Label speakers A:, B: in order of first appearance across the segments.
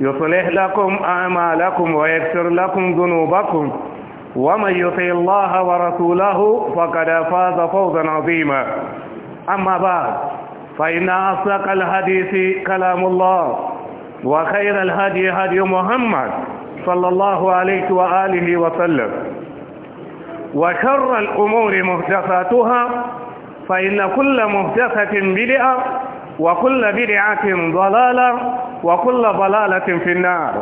A: يصلح لكم أعمالكم ويكسر لكم ذنوبكم ومن يطع الله ورسوله فقد فاز فوزا عظيما أما بعد فإن أصدق الحديث كلام الله وخير الهدي هدي محمد صلى الله عليه وآله وسلم وشر الأمور محدثاتها فإن كل محدثة بدعة وكل بدعة ضلالة وكل ضلالة في النار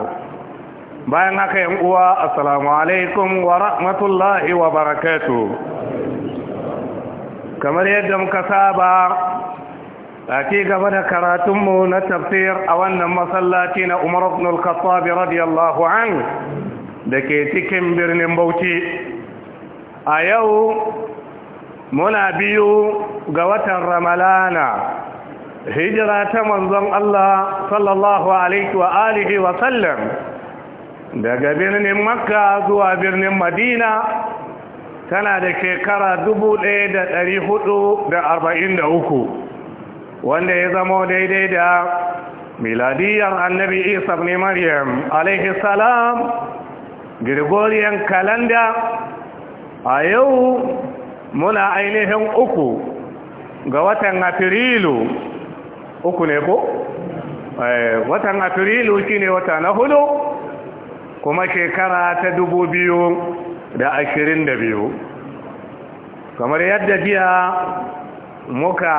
A: bayan haka yan uwa assalamu alaikum wa rahmatullahi wa barakatuh kamar yadda muka saba a ci gaba da karatunmu na tafsir a wannan masallaci na umar ibn al-khattab radiyallahu an da ke cikin birnin bauchi a yau muna biyu ga watan ramalana hijira ta manzon Allah sallallahu alaihi wa alihi wa sallam daga birnin makka zuwa birnin madina tana da shekara uku, wanda ya zama daidai da miladiyar annabi isa ne maryam alaihi salam gregorian kalanda a yau muna ainihin uku ga watan Afrilu. uku ne ko eh, watan afrilu shine wata na hudu kuma shekara ta dubu biyu da ashirin da biyu kamar yadda jiya muka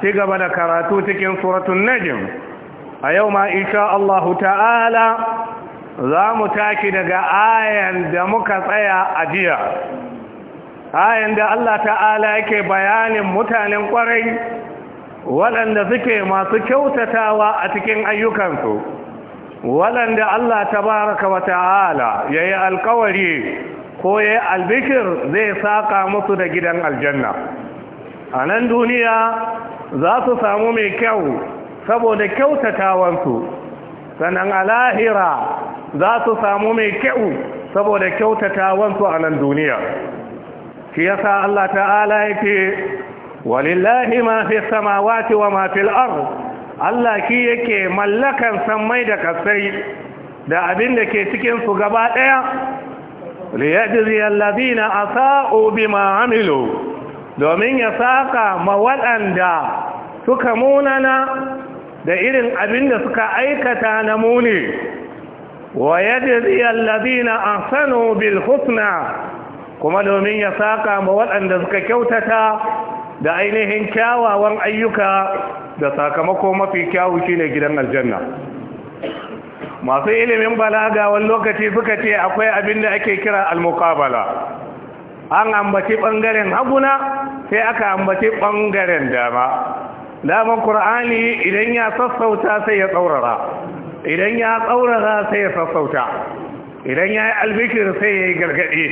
A: ci gaba da karatu cikin suratun najin, a yau ma insha Allahu ta'ala za mu taki daga ayan da muka tsaya a jiya ayan da Allah ta'ala yake bayanin mutanen kwarai waɗanda suke masu kyautatawa a cikin ayyukansu waɗanda Allah baraka wa ta'ala ya yi alkawari ko ya yi albikir zai saƙa musu da gidan aljanna a nan duniya za su samu mai kyau saboda kyautatawansu sannan a lahira za su samu mai kyau saboda kyautatawansu a nan duniya shi yasa Allah ta'ala yake walillahi ma fi samawati wa ma Allah ki yake mallakan samai da kasai da abin da ke cikin su gaba daya liyajzi alladhina asa'u bima amilu domin ya saka ma waɗanda suka munana da irin abin da suka aikata na muni wa yajzi alladhina ahsanu bil husna kuma domin ya saka ma waɗanda suka kyautata da ainihin kyawawan ayyuka da sakamako mafi kyawu shine gidan aljanna masu ilimin balaga wani lokaci suka ce akwai abin da ake kira almukabala an ambaci ɓangaren haguna sai aka ambaci ɓangaren dama daman ƙur'ani idan ya sassauta sai ya tsaurara idan ya tsaurara sai ya sassauta idan ya yi albikir sai ya yi gargaɗe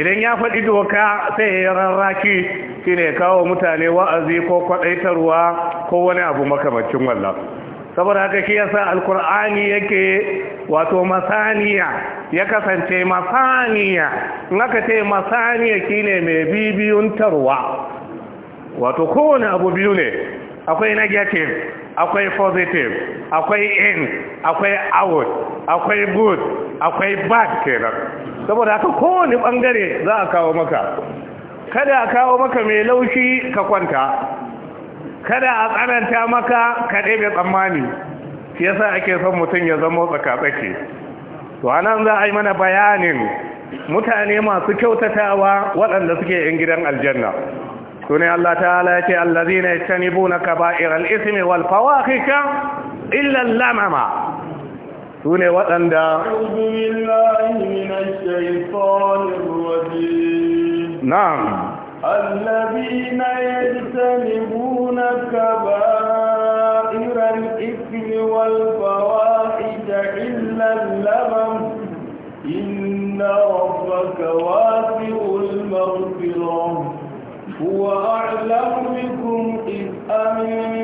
A: idan ya faɗi doka sai ya rarraki shi ne kawo mutane wa'azi ko kwaɗaitarwa ko wani abu makamacin wallah saboda haka shi yasa alkur'ani yake wato masaniya ya kasance masaniya in aka ce masaniya shine mai bibiyun tarwa wato kowane abu biyu ne akwai negative akwai positive akwai in akwai out akwai good akwai bad kenan saboda haka kowane bangare za a kawo maka kada a kawo maka mai laushi ka kwanta kada a tsananta maka ka ɗebe tsammani shi yasa ake son mutum ya zama tsakatsaki to anan za a yi mana bayanin mutane masu kyautatawa waɗanda suke yan gidan aljanna sune Allah ta'ala na allazina yastanibuna kaba'iral ismi
B: wal fawahisha illa al-lamama
A: sune waɗanda
B: الشيطان الرجيم نعم الذين يجتنبون كبائر الإثم والفواحش إلا اللبن إن ربك واسع المغفرة هو أعلم بكم إذ أمن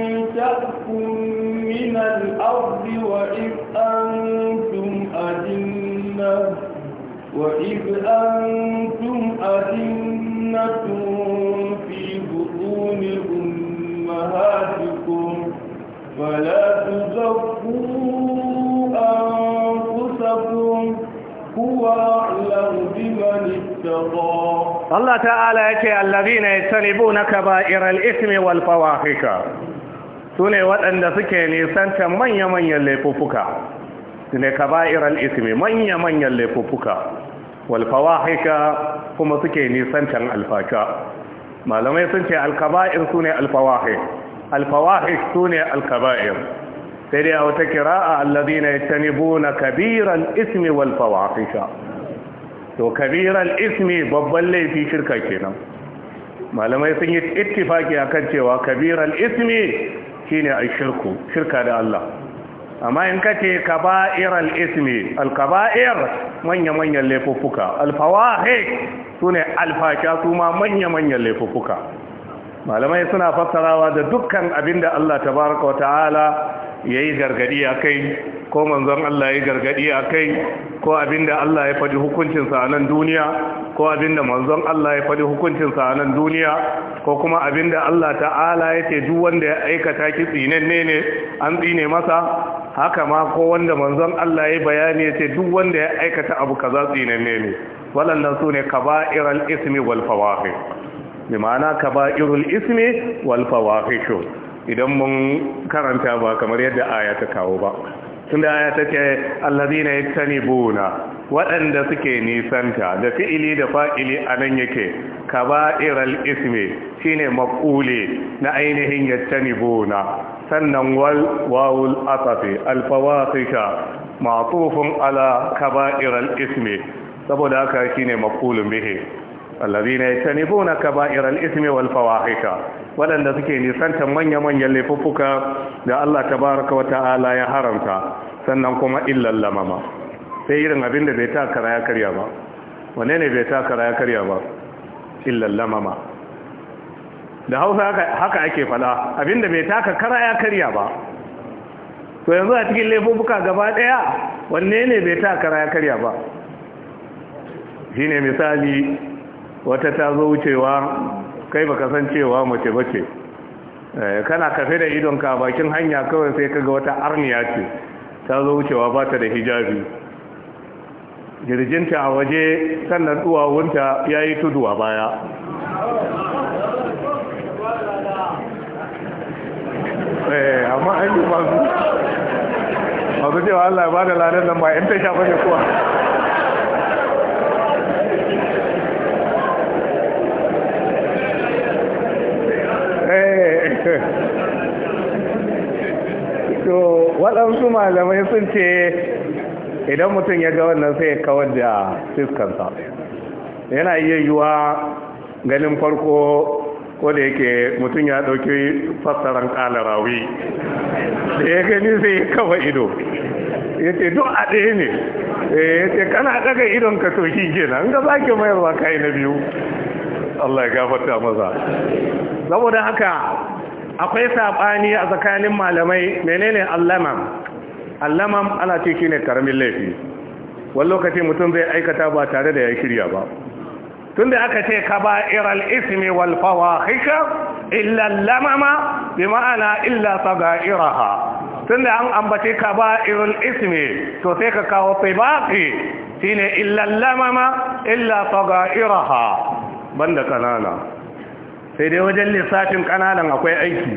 B: وإذ أنتم أئمة في بطون أمهاتكم فلا تزكوا أنفسكم هو أعلم بمن اتقى الله
A: تعالى يكي الذين يجتنبون كبائر الإثم والفواحش sune waɗanda suke nisanta manya-manyan laifuffuka su ne kaba'irar ismi manya-manyan laifuffuka walfawahika kuma suke can alfaka malamai sun ce alkaba'ir su ne alfawahi sune su ne alkaba'ir sai dai a wata kira'a allazi na yatanibu na kabiran ismi walfawahika to kabiran ismi babban laifi shirka kenan malamai sun yi ittifaki akan cewa kabiran ismi shine shirku shirka da Allah amma in ka ce kaba'ir al-ismi al-kaba'ir manya-manyan laifuffuka al-fawahi sune alfaka suma manya-manyan laifuffuka malamai suna fassarawa da dukkan abinda Allah tabaraka wa ta'ala ya yi gargadi a kai ko manzon Allah ya yi gargadi a kai ko abinda Allah ya faɗi hukuncin a nan duniya ko abinda manzon Allah ya faɗi hukuncin a nan duniya ko kuma abinda Allah ta'ala ya ce duk wanda ya aikata ki tsinenne ne an tsine masa haka ma ko wanda manzon Allah ya bayani yace duk wanda ya aikata abu kaza tsinanne ne walannan sune kaba'irul ismi wal fawahish bi ma'ana kaba'irul ismi wal fawahish idan mun karanta ba kamar yadda aya ta kawo ba tunda aya ta ce allazina yattanibuna waɗanda suke nisanta da fi'ili da fa'ili a nan yake kaba'iral ismi shine maqule na ainihin yattanibuna sannan wal wawul asafi alfawahisha ma'tufun ala kaba'ir al-ismi saboda haka shine maqulun bihi allazina yatanibuna kaba'ir al-ismi wal fawahisha wadanda suke nisantar manya-manyan laifuffuka da Allah tabaraka wa ta'ala ya haramta sannan kuma illal lamama sai irin abinda da bai takara ya karya ba wanne ne bai takara ya karya ba illal lamama da hausa haka ake fada abinda bai taka kara ya karya ba to yanzu a cikin laifuka gaba daya wanne ne bai taka kara ya karya ba shi ne misali wata ta zo wucewa kai baka san cewa mace bace eh, kana kafe da idonka bakin hanya kawai sai kaga wata arniya ce ta zo wucewa ba ta da hijabi girjinta a waje sannan duwawunta ya yi tudu a baya Eh, amma an yi masu masu cewa Allah ba da ladan nan ba yan tasha ba ne kuwa eh. to waɗansu malamai sun ce idan mutum ya ga wannan sai kawar da fiskansa yana iya yiwuwa ganin farko ko yake mutum ya ɗauki fassaran kala rawi da ya gani sai kawa ido ya ce duk a ɗaya ne eh, ya ce kana daga idon ka to shi kenan ga zaki mayarwa kai na biyu Allah ya gafarta maza saboda haka akwai saɓani a tsakanin malamai menene allamam allamam ana ce shine karamin laifi wani lokaci mutum zai aikata ba tare da ya shirya ba tunda aka ce kaba'iral ismi wal fawahisha illa bi ma'ana illa sagairaha tunda an ambace kaba'irul ismi to sai ka kawo tibaqi shine illa lamama illa sagairaha banda kanana sai dai wajen lissafin kananan akwai aiki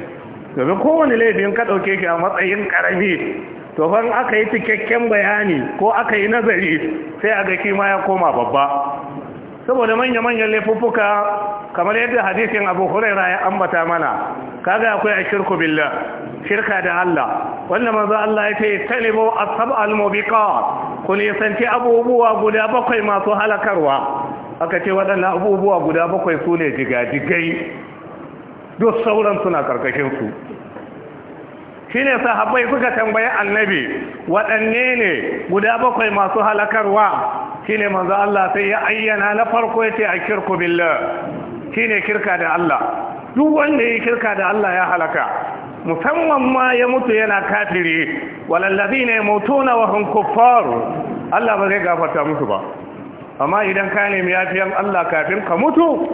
A: domin kowane laifin ka ɗauke ki a matsayin ƙarami. to aka yi cikakken bayani ko aka yi nazari sai a ga kima ya koma babba saboda manya-manyan laifuffuka kamar yadda hadisin abu huraira ya ambata mana kaga akwai a shirku billah shirka da Allah Wannan manzo Allah ya ce talibu as-sab'al mubiqat kun yasanti abubuwa guda bakwai masu halakarwa aka ce waɗannan abubuwa guda bakwai su ne jigajigai duk sauran suna karkashin su shine sahabbai suka tambayi annabi waɗanne ne guda bakwai masu halakarwa shine manzo Allah sai ya ayyana na farko yace akirku billah shine kirka da Allah duk wanda ya kirka da Allah ya halaka musamman ma ya mutu yana kafiri walallazina yamutuna wa hum kuffar Allah ba zai gafarta musu ba amma idan ka nemi yafiyan Allah kafin ka mutu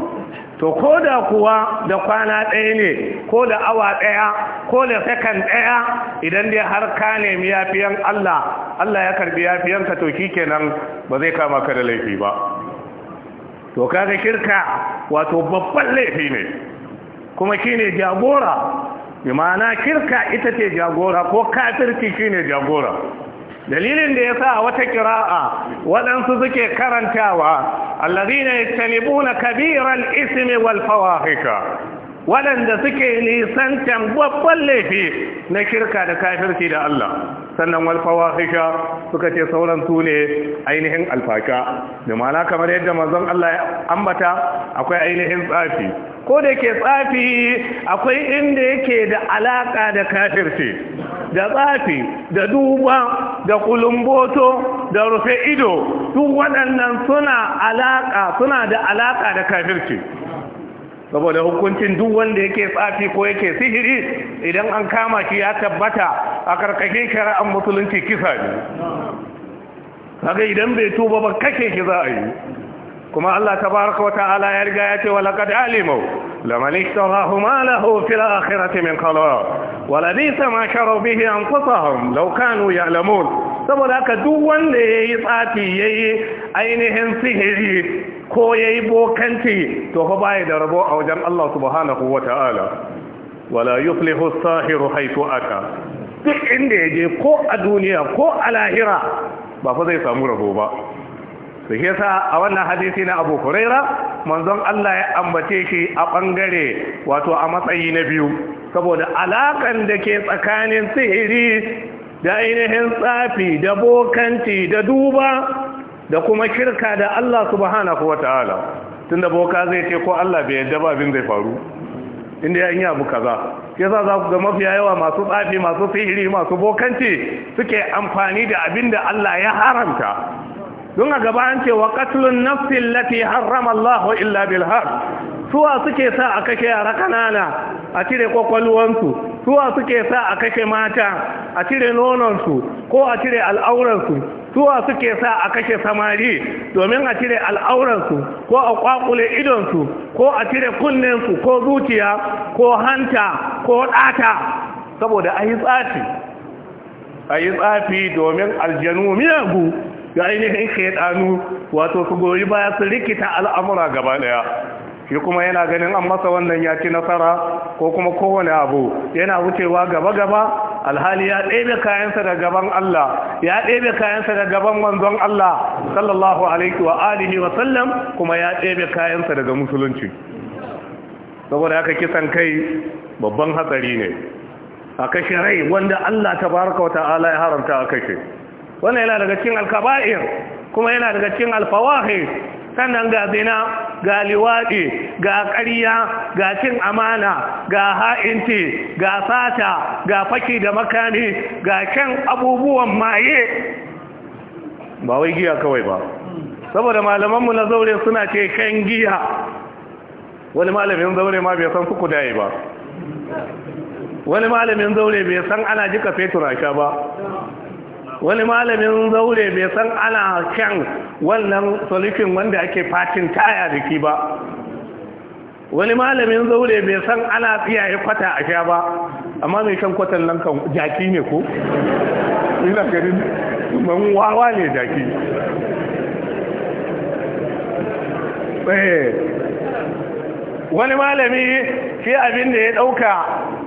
A: to ko da kuwa da kwana ɗaya ne ko da awa ɗaya ko da sakan ɗaya idan dai har ka nemi yafiyan Allah Allah ya karbi yafiyanka to kenan ba zai kama ka da laifi ba to kaga shirka wato babban laifi ne kuma shine jagora bi ma'ana shirka ita ce jagora ko kafirci shine jagora dalilin da ya sa a wata kira'a waɗansu suke karantawa allazina yajtanibuna kabiran ismi wal fawahika waɗanda suke nisantan babban laifi na shirka da kafirci da Allah sannan wal fawahisha suka ce sauran su ne ainihin alfaka da ma'ana kamar yadda manzon Allah ya ambata akwai ainihin tsafi ko da yake tsafi akwai inda yake da alaka da kafirce da tsafi da duba da kulumboto da rufe ido duk waɗannan suna alaka suna da alaka da kafirce saboda hukuncin duk wanda yake tsafi ko yake sihiri idan an kama shi ya tabbata a karkashin shari'ar musulunci kisa ne kaga idan bai tuba ba kake shi za a yi كما الله تبارك وتعالى يرجعك ولقد علموا لمن اشتراه ما له في الآخرة من خلال ولديس ما شروا به أنفسهم لو كانوا يعلمون سبلاك دوان ليه ساتي أينهم سهري كو يهي بوكنتي توقفاي دربو أوجم الله سبحانه وتعالى ولا يفلح الساحر حيث أكا تحن ليجي كو الدنيا كو الآخرة بفضي سامور أبو بأ to shi yasa a wannan hadisi na Abu Huraira manzon Allah ya ambace shi a bangare wato a matsayi na biyu saboda alakan da ke tsakanin sihiri da ainihin tsafi da bokanci da duba da kuma shirka da Allah subhanahu wataala tunda boka zai ce ko Allah bai yadda ba abin zai faru inda ya yi abu kaza yasa za ku ga mafiya yawa masu tsafi masu sihiri masu bokanci suke amfani da abin da Allah ya haramta don a gaba an ce wa katilun nafsin lati haram Allah illa bilhar suwa suke sa a kashe yara kanana a cire kwakwalwansu suwa suke sa a kashe mata a cire nononsu ko a cire al'auransu suwa suke sa a kashe samari domin a cire al'auransu ko a kwakule idonsu ko a cire kunnensu ko zuciya ko hanta ko ɗata saboda a tsafi a yi tsafi domin aljanu miyagu ga ainihin shaidanu wato su goyi baya su rikita al'amura gaba daya shi kuma yana ganin an masa wannan ya ci nasara ko kuma kowane abu yana wucewa gaba-gaba alhali ya ɗebe kayansa da gaban Allah ya ɗebe kayansa da gaban wanzan Allah sallallahu alaihi wa alihi wa sallam kuma ya ɗebe kayansa daga musulunci saboda haka kisan kai babban hatsari ne a kashe rai wanda Allah Ta tabaraka wa ta'ala ya haramta a kashe wannan yana daga cikin alkaba'ir kuma yana daga cikin alfawahi sannan ga zina ga liwaɗi ga ƙarya ga cin amana ga ha'inti, ga sata ga faki da makani ga kyan abubuwan maye ba wai giya kawai ba saboda malamanmu na zaure suna ce kyan giya wani malamin zaure ma bai san suku daye ba wani malamin zaure bai san ana jika fetur a sha ba wani malamin zaure bai san ana kyan wannan solution wanda ake fatin taya da ki ba wani malamin zaure bai san ana tsiyaye kwata a sha ba amma mai kan kwatan nan kan jaki ne ko ina ganin man wawa ne jaki eh. wani malami shi abin da ya dauka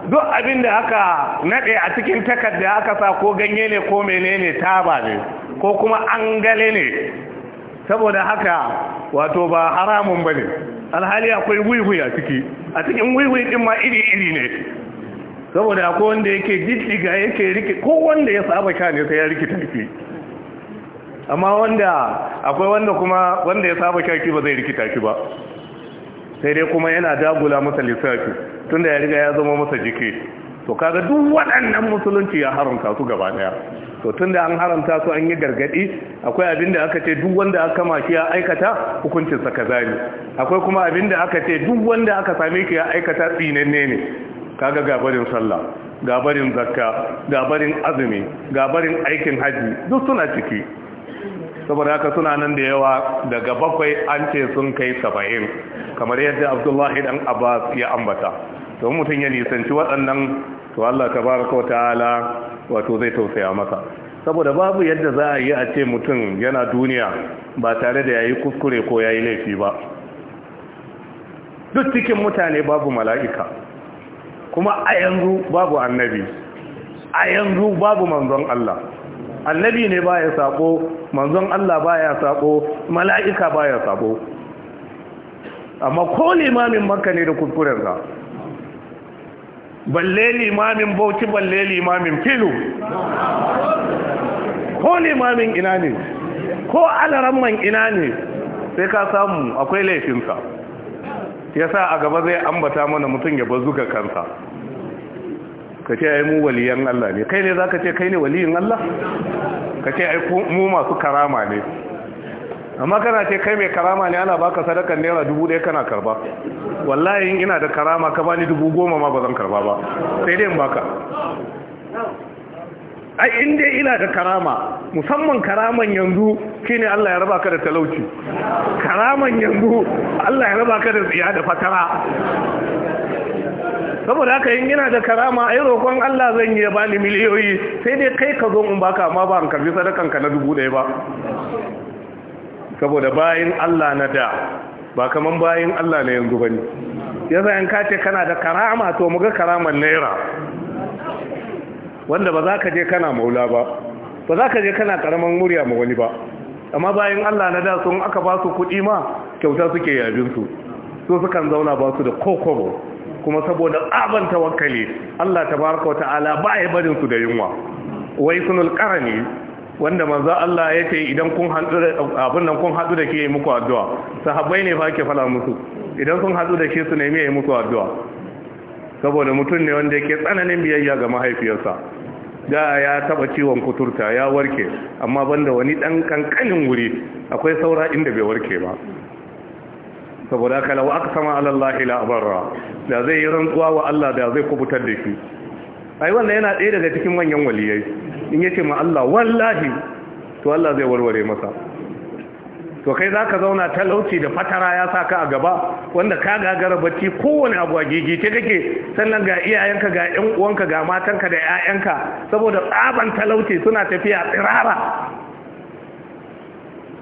A: duk abin da aka naɗe a cikin takarda aka sa ko ganye ne ko menene taba ne ko kuma an gale ne saboda haka wato ba haramun ba ne alhali akwai wuiwui a ciki a cikin wuiwui ɗin ma iri-iri ne saboda akwai wanda yake jijjiga yake rikita ko wanda ya saba sha ne sai ya rikita shi amma wanda akwai wanda kuma wanda ya saba sha ki ba zai rikita shi ba sai dai kuma yana dagula masa lissafi tunda ya riga ya zama masa jiki to kaga duk waɗannan musulunci ya haramta su gaba ɗaya to tun da an haramta su an yi gargadi akwai abin da aka ce duk wanda aka kama ya aikata hukuncin sa kaza ne akwai kuma abin da aka ce duk wanda aka same ki ya aikata tsinanne ne kaga gabarin sallah gabarin zakka gabarin azumi gabarin aikin haji duk suna ciki saboda haka suna nan da yawa daga bakwai an ce sun kai saba'in kamar yadda abdullahi dan abbas ya ambata to mutum ya nisanci waɗannan to allah ta baraka ta'ala wato zai tausaya masa saboda babu yadda za a yi a ce mutum yana duniya ba tare da ya yi kuskure ko ya yi laifi ba duk cikin mutane babu mala'ika kuma a yanzu babu annabi a yanzu babu manzon Allah annabi ne baya sako manzon Allah baya sako mala'ika baya sako amma ko limamin makka ne da kuskurensa balle limamin bauchi balle limamin filu ko limamin ina ne ko alaramman ina ne sai ka samu akwai laifinsa ya sa a gaba zai ambata mana mutum ya bazuka kansa ka ce ai mu waliyan Allah ne kai ne za ka ce kai ne waliyin Allah ka ce ai mu masu karama ne amma kana ce kai mai karama ne ana baka sadakar naira dubu ɗaya kana karba wallahi in ina da karama ka bani dubu goma ma ba zan karba ba sai dai in baka ai in dai ina da karama musamman karaman yanzu shine Allah ya raba ka da talauci karaman yanzu Allah ya raba ka da tsiya da fatara saboda haka in yana da karama a yi roƙon Allah zan yi ya bani miliyoyi sai dai kai ka zo in ba ka, amma ba an karbi sadakan ka na dubu ɗaya ba saboda bayin Allah na da ba kaman bayin Allah na yanzu bane yasa in ka ce kana da karama to muga karaman naira wanda ba za ka je kana maula ba ba za ka je kana karaman murya ma wani ba amma bayan Allah na da sun aka ba su kuɗi ma kyauta suke yabin su sukan zauna ba su da kokobo kuma saboda tsaban wakali, Allah ta tabaraka wa ta'ala ba ya barin su da yunwa wai sunul ne wanda manzo Allah ya ce idan kun hadu da abin nan kun hadu da ke yi muku addu'a sahabbai ne ba ke fala musu idan kun hadu da ke su ne yi muku addu'a saboda mutum ne wanda yake tsananin biyayya ga mahaifiyarsa da ya taba ciwon kuturta ya warke amma banda wani dan kankanin wuri akwai saura inda bai warke ba saboda haka law aka sama alallahi la barra da zai yi rantsuwa wa Allah da zai kubutar da shi ai wannan yana ɗaya daga cikin manyan waliyai in yace ma Allah wallahi to Allah zai warware masa to kai za ka zauna talauci da fatara ya sa ka a gaba wanda ka gagara bacci kowane abu a gigice kake sannan ga iyayenka ga ƴan uwanka ga matanka da ƴaƴanka saboda tsaban talauci suna tafiya tsirara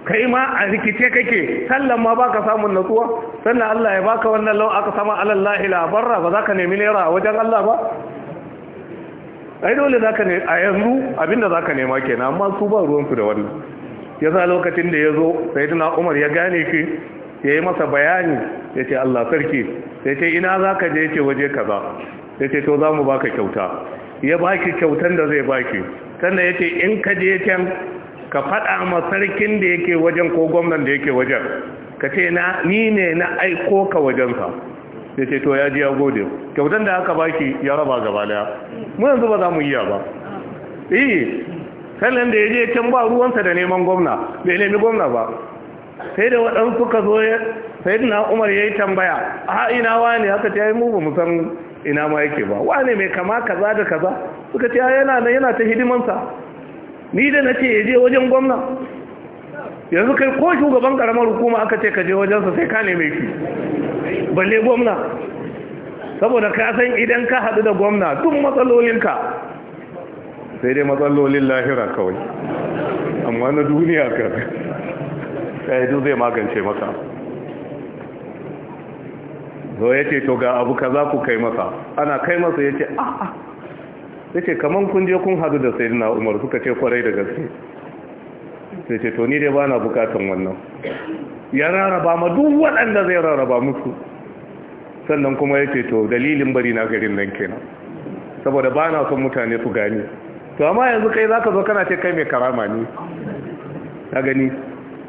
A: kai ma a rikice kake sallan ma baka samun natsuwa sannan Allah ya baka wannan lau aka sama alal alallahi labarra ba za ka nemi naira a wajen Allah ba ai dole za ka a yanzu abinda zaka nema kenan amma su ba ruwansu da wannan Yasa lokacin da ya zo sai umar ya gane ki ya masa bayani ya Allah sarki ya ce ina za ka je yace waje kaza ya ce to zamu baka kyauta ya baki kyautan da zai baki sannan yace in ka je can ka faɗa ma sarkin da yake wajen ko gwamnan da yake wajen ka ce na ni ne na aiko ka wajensa ya ce to ya ji ya gode kyautan da aka baki ya raba gaba daya mu yanzu ba za mu iya ba iya sannan da ya je can ba ruwansa da neman gwamna bai nemi gwamna ba sai da waɗansu ka zo sai na umar ya yi tambaya a ina wani haka ta yi mu ba mu san ina ma yake ba Wani mai kama kaza da kaza suka ce yana yana ta hidimansa ni da na ce ya je wajen gwamna yanzu kai ko shugaban karamar hukuma aka ce ka je wajensa sai ka neme shi balle gwamna saboda ka san idan ka haɗu da gwamna tun matsalolinka sai dai matsalolin lahira kawai amma na duniya ka duk zai magance maka zo ya ce to ga abu ka za ku kai masa ana kai masa ya ce a'a yace kaman kun je kun hadu da sayyidina Umar suka ce kwarai da gaske sai ce to ni dai na bukatan wannan ya raraba ma duk waɗanda zai raraba musu sannan kuma yace to dalilin bari na garin nan kenan saboda bana son mutane su gane to amma yanzu kai zaka zo kana ce kai mai karama ne ka gani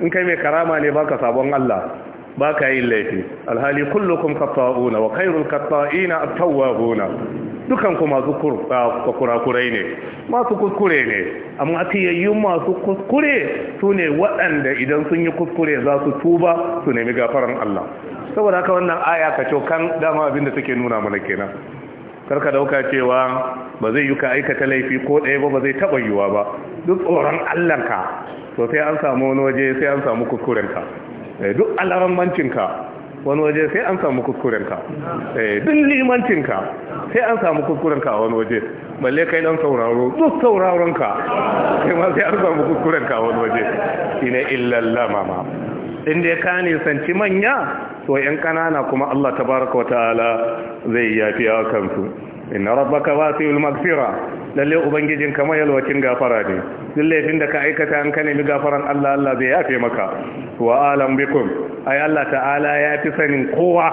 A: in kai mai karama ne baka sabon Allah baka yin laifi alhali kullukum khata'una wa khairul khata'ina at-tawwabuna dukanku masu kurakurai ne masu kuskure ne amma tiyayyun masu kuskure su ne waɗanda idan sun yi kuskure za su tuba su nemi gafaran Allah saboda haka wannan aya ka cokan dama abinda take nuna mana kenan karka dauka cewa ba zai yi ka aikata laifi ko ɗaya ba ba zai taɓa yiwuwa ba duk tsoron ka. to sai an samu wani waje sai an samu kuskurenka eh, duk alarammancinka wani waje sai an samu kuskurenka eh, duk limancinka sai an samu kuskurenka a wani waje balle kai dan sauraro duk sauraronka kai ma sai an samu kuskurenka a wani waje ina illallah mama In inda ka kane sanci manya to yan kanana kuma Allah tabaraka wa ta'ala zai yafi kansu inna rabbaka wasi'ul maghfira lalle ubangijin kamar yalwacin gafara ne duk laifin da ka aikata an ka nemi gafaran Allah Allah zai yafe maka wa alam bikum ay Allah ta'ala ya fi sanin kowa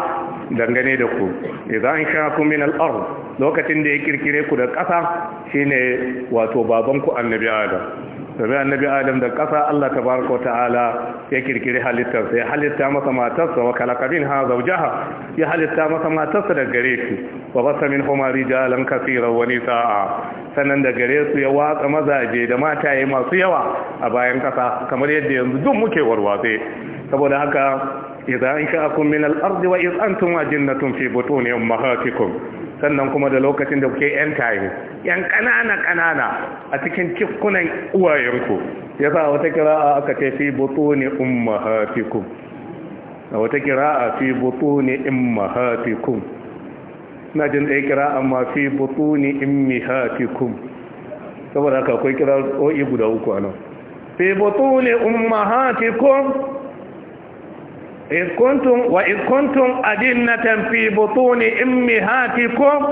A: dangane da ku idan shaakum min al-ard lokacin da ya kirkire ku da ƙasa shine wato baban ku annabi Adam domin annabi adam da ƙasa Allah tabaraka wata'ala ya kirkiri halittarsa ya halitta masa matarsa wa khalaqa minha zawjaha ya halitta masa matarsa da gare su wa basa minhuma rijalan kaseeran wa sa'a, sannan da gare su ya watsa mazaje da mataye masu yawa a bayan ƙasa kamar yadda yanzu duk muke warwatse saboda haka idza in sha'akum min al-ardi wa iz antum ajinnatun fi butuni ummahatikum sannan kuma da lokacin da kuke yan tayi yan kanana kanana a cikin kikunan uwayenku sa wata kira'a aka ce fi butuni ummahatikum a wata kira'a fi butuni ummahatikum na jin ɗaya kira'a ma fi butuni ummihatikum saboda haka akwai o'i guda uku anan fi butuni ummahatikum إذ كنتم وإذ كنتم أدنة في بطون أمهاتكم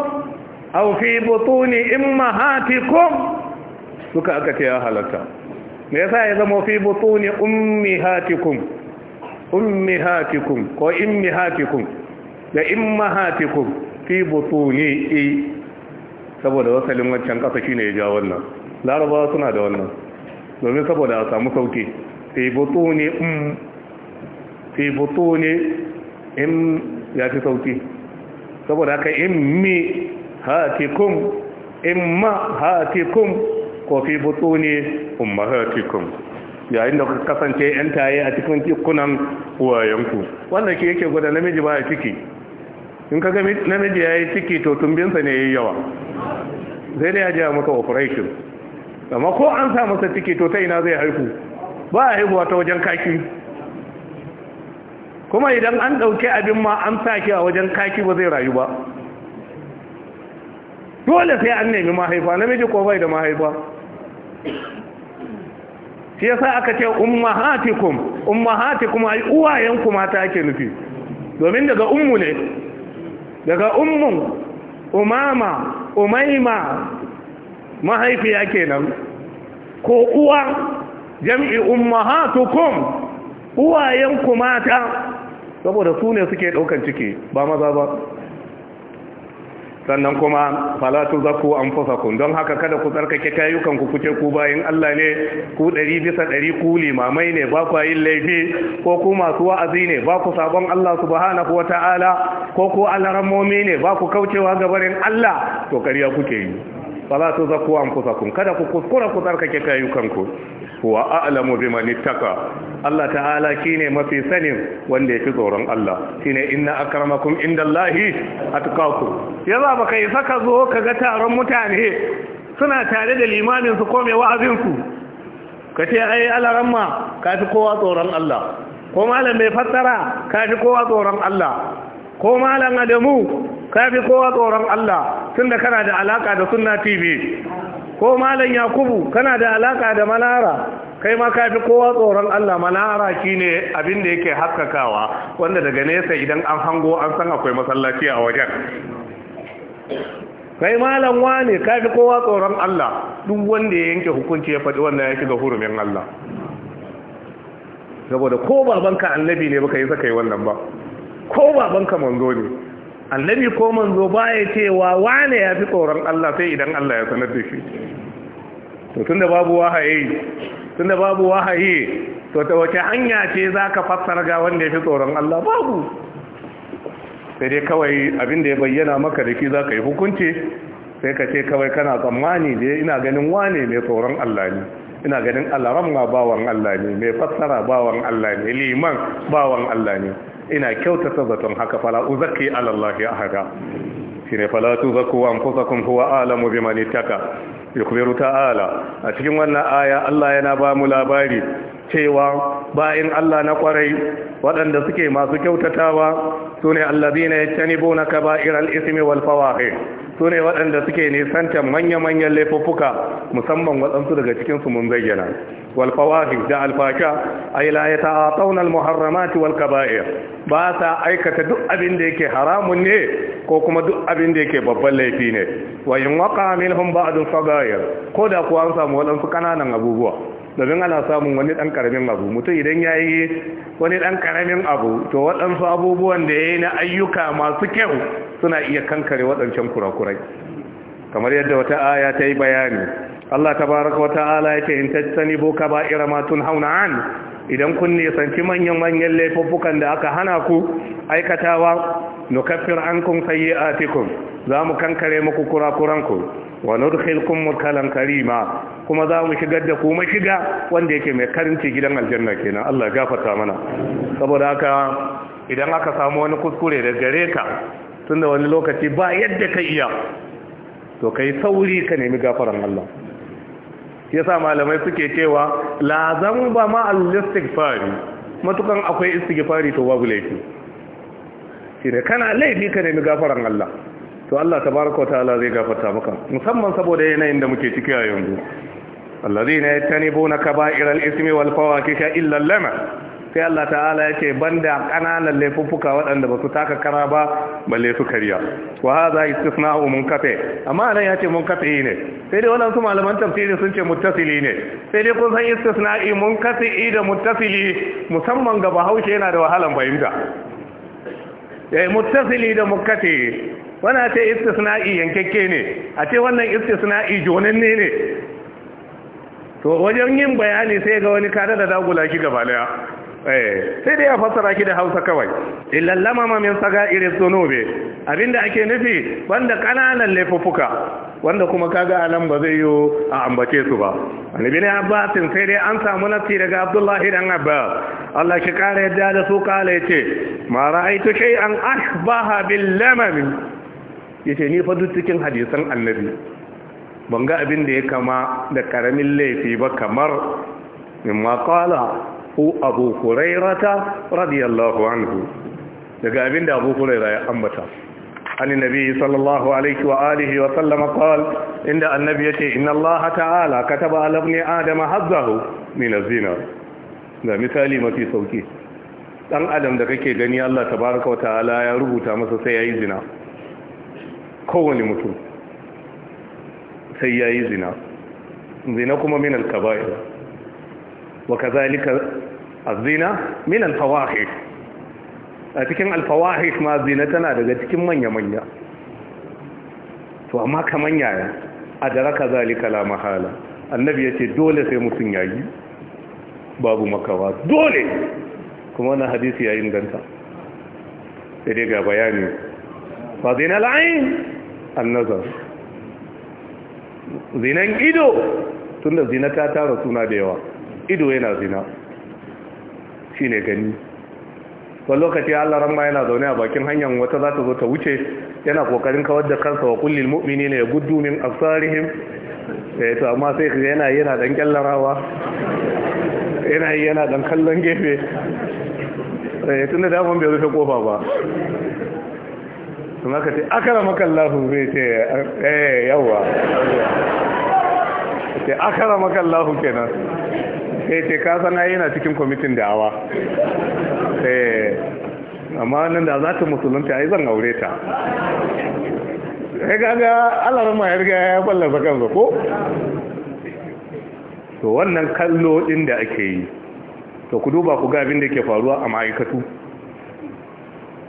A: أو في بطون أمهاتكم suka aka ce ya halatta me yasa ya zama fi butuni ummihatikum ummihatikum ko immihatikum da immahatikum fi butuni i saboda wasalin wancan kasa shine ya ja wannan larabawa suna da wannan domin saboda a samu sauki fi butuni in. fi ne in ya fi sauki saboda haka in mi hatikum in ma hatikum ko fi butuni ummahatikum yayin da kasance yan taye a cikin kunan uwayenku wannan ke yake gwada namiji ba a ciki in kaga namiji ya yi ciki to tumbinsa ne ya yi yawa zai da ya ji a masa operation amma ko an sa masa ciki to ta ina zai haiku ba a haihuwa ta wajen kaki kuma idan an ɗauki abin ma an sake a wajen kaki ba zai rayu ba dole sai an nemi mahaifa namiji ko bai da mahaifa shi yasa aka ce ummahatikum kuma ai uwayenku mata ake nufi domin daga ummu ne daga ummun umama umaima mahaifiya kenan ko uwa jam'i ummahatukum
B: uwayenku
A: mata saboda su ne suke ɗaukan ciki ba maza ba sannan kuma falatu zaku kun don haka kada ku tsarkake kayukan ku kuce ku bayan Allah ne ku ɗari bisa ɗari ku limamai ne ba ku yi laifi ko ku masu wa'azi ne ba ku sabon Allah subhanahu wata'ala ko ku alarammomi ne ba ku kaucewa gabarin Allah to kariya kuke yi fala tu zakku anfusakum kada ku kuskura ku tsarkake kayukanku wa a'lamu biman ittaka Allah ta'ala kine mafi sanin wanda yake tsoron Allah shine inna akramakum indallahi atqakum yaza baka isa ka zo kaga taron mutane suna tare da limamin su ko mai wa'azin su kace ai alaramma kafi kowa tsoron Allah ko malam mai fassara kafi kowa tsoron Allah ko malam adamu ka fi kowa tsoron Allah tunda kana da alaka da sunna tv ko malam yakubu kana da alaka da manara kai ma ka fi kowa tsoron Allah manara shine abin da yake haskakawa wanda daga nesa idan an hango an san akwai masallaci a wajen kai malam ne ka fi kowa tsoron Allah duk wanda ya yanke hukunci ya faɗi wanda ya shiga hurumin Allah saboda ko babanka annabi ne baka yi saka yi wannan ba ko babanka manzo ne annabi ko manzo baya cewa wane ya fi tsoron Allah sai idan Allah ya sanar da shi to tunda babu wahayi tunda babu wahayi to ta wace hanya ce zaka fassara ga wanda ya fi tsoron Allah babu sai dai kawai abin da ya bayyana maka da ki zaka yi hukunci sai ka ce kawai kana tsammani dai ina ganin wane mai tsoron Allah ne ina ganin ramma bawan Allah ne mai fassara bawan Allah ne liman bawan Allah ne ina kyautata zaton haka fala uzaki ala Allah ya shine fala tuzaku anfusakum huwa alamu biman ittaka yukhbiru ta'ala a cikin wannan aya Allah yana ba mu labari cewa bayan Allah na kwarai waɗanda suke masu kyautatawa sune allazina yatanibuna kaba'iral ismi wal fawahish su ne waɗanda suke nisantar manya-manyan laifuffuka musamman waɗansu daga cikinsu mun bayyana walfawahi da alfasha a ila ya ta'ataun almuharramati wal kaba'ir ba sa aikata duk abin da yake haramun ne ko kuma duk abin da yake babban laifi ne wa in waqa minhum ba'dun sagair ko da kuwa an samu wadansu kananan abubuwa domin ana samun wani dan karamin abu mutum idan ya yi wani dan karamin abu to wadansu abubuwan da ya yi na ayyuka masu kyau suna iya kankare wadancan kurakurai kamar yadda wata aya ta yi bayani Allah tabaraka wa ta'ala ya ce in ba kaba'ira ma hauna an idan kun nisanci manyan-manyan laifuffukan da aka hana ku aikatawa nukaffir an kun sayi atikun za mu kankare muku kurakuranku wa nudkhilkum mulkalan karima kuma za mu shigar da kuma shiga wanda yake mai karinci gidan aljanna kenan Allah gafarta mana saboda haka idan aka samu wani kuskure da gare ka tunda wani lokaci ba yadda ka iya to kai sauri ka nemi gafaran Allah yasa malamai suke cewa la ba ma al-istighfari matukan akwai istighfari to babu laifi shine kana laifi ka nemi gafaran Allah to Allah tabaaraka ta'ala zai gafarta maka musamman saboda yanayin da muke ciki a yanzu alladhina yatanibuna kaba'iral ismi wal fawahisha illa lama sai Allah ta'ala ya ce banda kananan laifuffuka waɗanda ba su taka kara ba balle su kariya wa hadha istisna'u munqati amma nan ya ce munqati ne sai dai su malaman tafsiri sun ce muttasili ne sai dai kun san istisna'i munqati da muttasili musamman ga Bahaushe yana da wahalan fahimta eh muttasili da munqati wannan ce istisna'i yankakke ne a ce wannan istisna'i jonanne ne to wajen yin bayani sai ga wani kada da dagula shi gaba daya Eh, sai dai a fassara ki da hausa kawai illallama ma min saga irin zunobe abinda ake nufi banda kananan laifuffuka wanda kuma kaga anan ba zai yi a ambace su ba annabi ne abbasin sai dai an samu nasi daga abdullahi dan abbas Allah ki kare yadda da su kala yace ma ra'aitu shay'an ashbaha bil lamam yace ni fa duk cikin hadisan annabi ban ga abin da ya kama da karamin laifi ba kamar mimma qala ko abu hurairata radiyallahu anhu daga abin da abu huraira ya ambata عن النبي صلى الله عليه وآله وسلم قال إن النبي إن الله تعالى كتب على ابن Adama, Hazzahu, من الزنا da misali mafi sauki dan adam da kake gani Allah tabaraka wataala ya rubuta masa sai yayi zina kowane mutum sai yayi zina zina kuma min al-kaba'ir wa kadhalika azina min alfawahish a cikin alfawahish ma zina tana daga cikin manya-manya to amma kaman yaya a daraka zalika la mahala annabi yace dole sai mutun yayi babu makawa dole kuma na hadisi ya inganta sai dai ga bayani fa zina al'ain annazar nazar zinan ido tunda zina ta tara suna da yawa ido yana zina shi ne gani wani lokaci Allah ramma yana zaune a bakin hanyar wata za ta zo ta wuce yana kokarin kawar da kansa wa kullil mu'mini ne ya guddu min asarihim eh to amma sai ka yana yana dan kallarawa yana yana dan kallon gefe eh tunda da mun bai rufe kofa ba sun aka ce akara makallahu zai ce eh yawa ce akara makallahu kenan sai eh, ce ka sana yana cikin kwamitin da awa eh, amma nan da za ta musulunta yi zan aure ta sai eh, gaga Allah ma ya riga ya fallasa kan ko to wannan kallo din da ake yi to ku duba ku ga abin da ke faruwa a ma'aikatu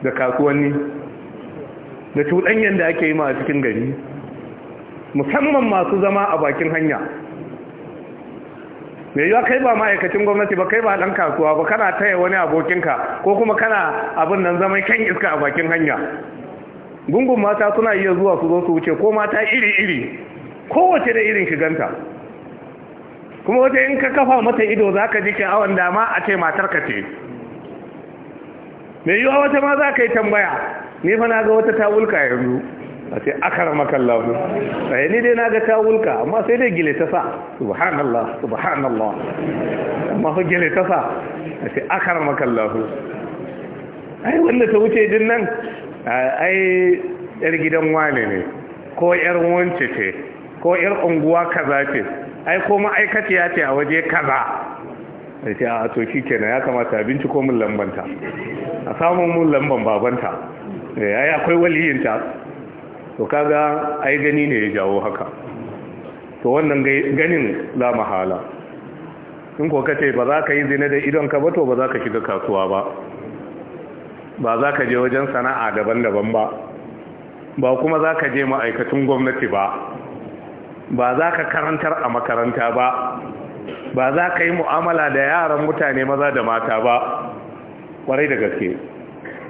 A: da kasuwanni da cuɗanyen da ake yi ma a cikin gari musamman masu zama a bakin hanya mai yiwa kai ba ma'aikacin gwamnati ba kai ba dan kasuwa ba kana taya wani abokinka ko kuma kana abin nan zama kan iska a bakin hanya gungun mata suna iya zuwa su zo su wuce ko mata iri-iri kowace da irin shiganta kuma wata in ka kafa mata ido za ka ji sha'awan dama a ce matar ka ce mai yiwa wata ma za ka yi tambaya ne fa na ga wata ta wulka yanzu a ce akar A yi ni dai na ga ta wulka amma sai dai gile ta sa subhanallah subhanallah amma su gile ta sa a ce akar a ai wanda ta wuce din nan ai yar gidan wane ne ko yar wance ce ko yar unguwa kaza ce ai ko ma'aikaciya ce a waje kaza a ce a to shi kenan ya kamata a binciko mun lambanta a samun mun lamban babanta ya eh, akwai waliyinta to kaga ai gani ne ya jawo haka to wannan ganin la mahala in ko kace ba za ka yi zina da idon ka ba to ba za ka shiga kasuwa ba ba za ka je wajen sana'a daban-daban ba ba kuma za ka je ma'aikatun gwamnati ba ba za ka karantar a makaranta ba ba za ka yi mu'amala da yaran mutane maza da mata ba kwarai da gaske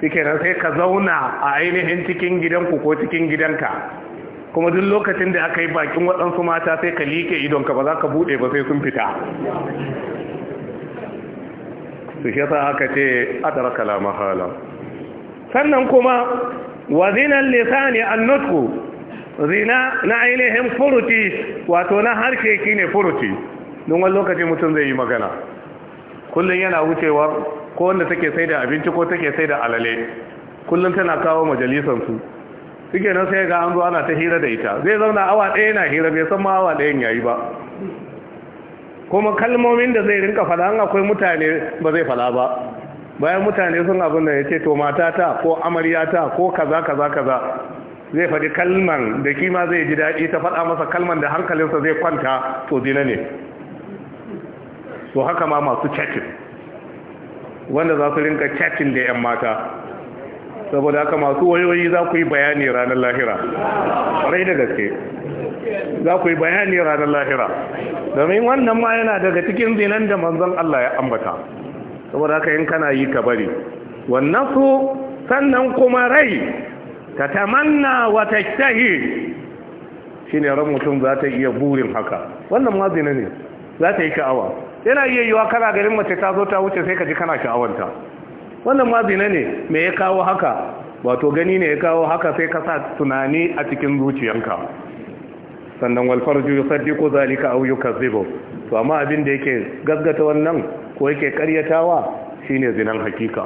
A: Sike nan sai ka zauna a ainihin cikin gidanku ko cikin gidanka kuma duk lokacin da aka yi bakin waɗansu mata sai ka liƙe idonka ba za ka buɗe ba sai sun fita su shi sa aka ce adara kalama hala sannan kuma wa zinan lisani annutku zina na ainihin furuti wato na harshe ne furuti don wani lokaci mutum zai yi magana kullum yana wucewa ko wanda take sai da abinci ko take sai da alale kullum tana kawo majalisansu suke nan sai ga an zo ana ta hira da ita zai zauna awa ɗaya na hira bai san ma awa ɗayan yayi ba kuma kalmomin da zai rinka fada an akwai mutane ba zai fada ba bayan mutane sun abin da ya ce to matata ko amaryata ko kaza kaza kaza zai faɗi kalman da kima zai ji daɗi ta faɗa masa kalman da hankalinsa zai kwanta to dina ne to haka ma masu cakin wanda za su rinka chatting da 'yan mata saboda haka masu wayoyi za ku yi bayani ranar lahira ƙwarai da gaske za ku yi bayani ranar lahira domin wannan ma yana daga cikin zinan da manzon Allah ya ambata saboda haka in kana yi ka bari wannan su sannan kuma rai ta tamanna wa tashtahi shine ran mutum za ta iya burin haka wannan ma zina ne za ta yi sha'awa yana iya yiwa kana garin mace ta zo ta wuce sai ka ji kana sha'awanta wannan ma zina ne me ya kawo haka wato gani ne ya kawo haka sai ka sa tunani a cikin zuciyanka sannan walfarju yusaddiqu zalika aw yukazzibu to amma abin da yake gaggata wannan ko yake karyatawa shine zinan hakika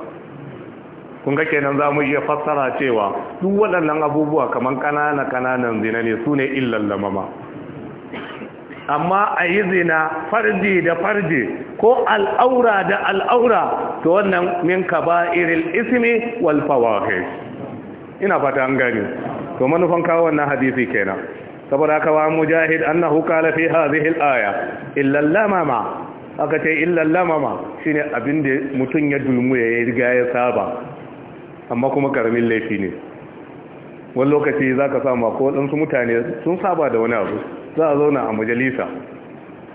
A: kun ga kenan zamu iya fassara cewa duk waɗannan abubuwa kamar kanana kananan zina ne sune illal lamama amma a yi zina farji da farji ko al'aura da al'aura to wannan min kaba'iril ismi wal fawahish ina fata an gani to manufan kawo wannan hadisi kenan saboda kawo mujahid annahu qala fi hadhihi al-aya illa lamama aka ce illa lamama shine abin da mutun ya dulmu ya riga ya saba amma kuma karamin laifi ne wani lokaci zaka samu ko dan mutane sun saba da wani abu za a zauna a majalisa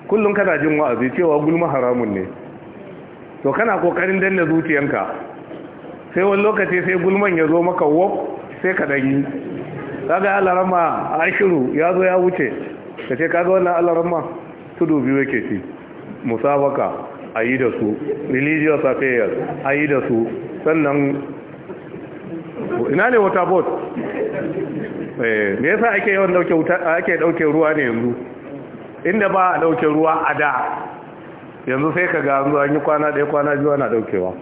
A: kullum kana jin wa'azi cewa gulma haramun ne to kana kokarin danna zuciyanka sai wani lokaci sai gulman ya zo maka wop sai ka dagi kaga alarama ashiru ya zo ya wuce ka kaga wannan alarama tudu biyu yake ci musabaka a yi da su religious affairs a da su sannan ina ne water bot Eh, me yasa ake yawan dauke wuta ake dauke ruwa ne yanzu inda ba a dauke ruwa a da yanzu sai ka ga an zuwa an yi kwana ɗaya kwana biyu ana daukewa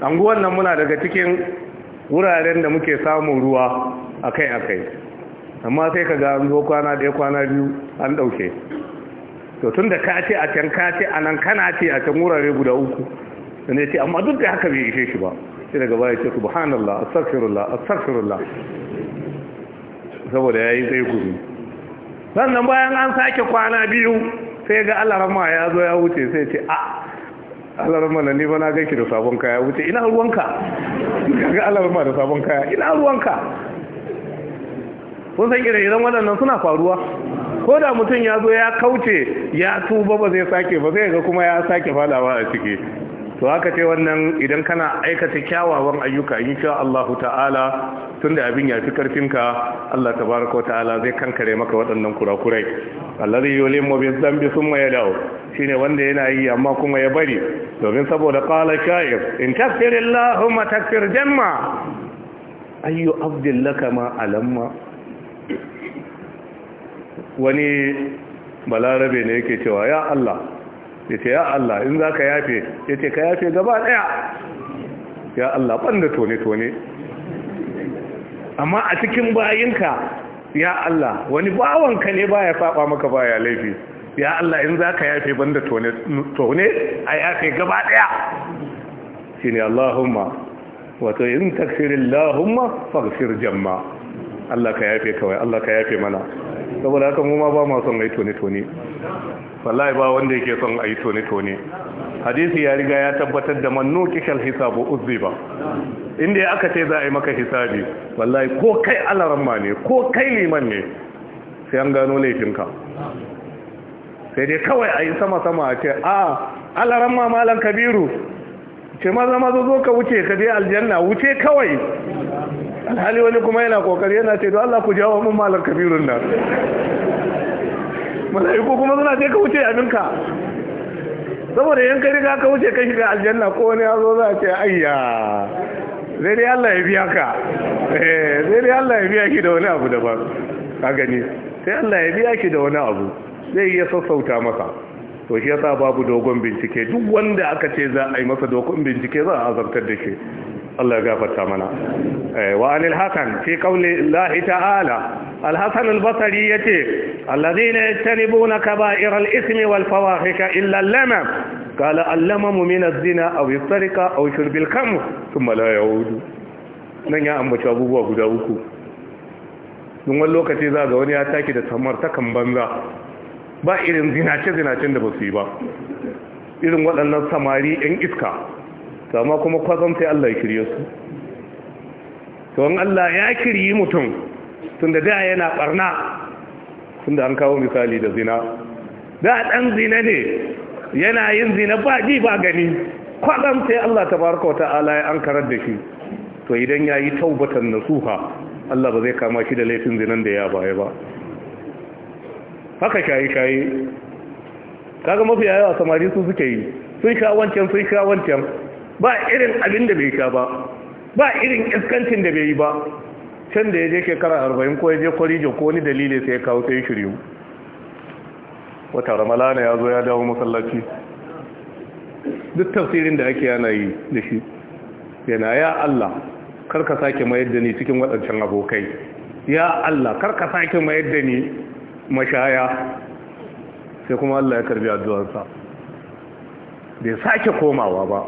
A: anguwan nan muna daga cikin wuraren da muke samun ruwa akai akai amma sai ka ga an zo kwana ɗaya kwana biyu an dauke to tun da ka ce a can ka ce a nan kana ce a can wurare guda uku ne ce amma duk da haka bai ishe shi ba sai daga baya ce subhanallah astaghfirullah astaghfirullah saboda ya yi tsaikuri sannan bayan an sake kwana biyu sai ga alarama ya zo ya wuce sai ce a ah, alarma na nima na ganki da sabon kaya wuce ina ruwanka ga alarma da sabon kaya ina ruwanka kun san ire idan waɗannan suna faruwa ko da mutum ya zo ya kauce ya tuba ba zai sake ba zai ga kuma ya sake falawa a ciki to haka ce wannan idan kana aikata kyawawan ayyuka insha Allah ta'ala tunda abin ya fi karfinka Allah tabaraka ta'ala zai kankare maka waɗannan kurakurai allazi yulimu bi dhanbi thumma yadaw shine wanda yana yi amma kuma ya bari domin saboda qala sha'ir in takfirillahu ma takfir jamma ayyu afdil laka ma alamma wani balarabe ne yake cewa ya Allah ya ce ya Allah in za ka yafe ya ce ka yafe gaba daya, ya Allah da tone-tone amma a cikin bayinka ya Allah wani bawanka ne baya saba maka baya laifi ya Allah in za ka yafe banda tone a yafe gaba daya, shi ne Allahumma wato in taksirin Allahumma fagfir jamma Allah ka yafe kawai Allah ka yafe mana saboda haka mu ma ba masu mai tone-tone wallahi ba wanda yake son a yi tone-tone hadisi ya riga ya tabbatar da mannu kishal hisabu ba inda aka ce za a yi maka hisabi wallahi ko kai alaramma ne ko kai liman ne sai an gano laifinka sai dai kawai a yi sama-sama a ce a alaramma malan kabiru ce maza mazo zo ka wuce ka je aljanna wuce kawai alhali wani kuma yana kokari yana ce don allah ku jawo mun malan kabirun nan ko kuma suna sai ka wuce abinka saboda yan kai riga ka wuce ka shiga aljanna ko wani ya zo za a ce ayya zai dai Allah ya biya ka zai eh, dai Allah ya biya ki da wani abu daban ka gani sai Allah ya biya ki da wani abu zai iya sassauta masa to shi yasa babu dogon bincike duk wanda aka ce za a yi masa dogon bincike za a azabtar da shi Allah ya gafarta mana eh, wa anil hakan fi qawli Allah ta'ala alhassan Basari ya ce allazina yajtanibuna kaba'ira al-ithmi wal fawahisha illa lama qala allamamu min az-zina aw yusrika aw shurbil khamr thumma la yaudu nan ya ambaci abubuwa guda uku dun wani lokaci za ga wani ya taki da samartakan banza ba irin zinace zinacen da ba su yi ba irin waɗannan samari yan iska sama kuma kwazon sai Allah ya kirye su to Allah ya kiryi mutum tunda da yana barna tunda an kawo misali da zina da dan zina ne yana yin zina ba ji ba gani kwaɗan sai Allah tabaraka ta'ala ya an karar da shi to idan ya yi taubatan nasuha Allah ba zai kama shi da laifin zinan da ya baya ba haka shaye-shaye kaga mafi yawa samari su suke yi sun sha wancan sun sha wancan ba irin abin da bai sha ba ba irin iskancin da bai yi ba can da ya je shekara arba'in ko ya je kwarijo ko wani dalili sai ya kawo sai shiryu wata ramalana ya zo ya dawo masallaci duk tafsirin da ake yana yi da shi yana ya Allah karka sake mayar da ni cikin waɗancan abokai ya Allah karka sake mayar da ni mashaya sai kuma Allah ya karbi addu'arsa bai sake komawa ba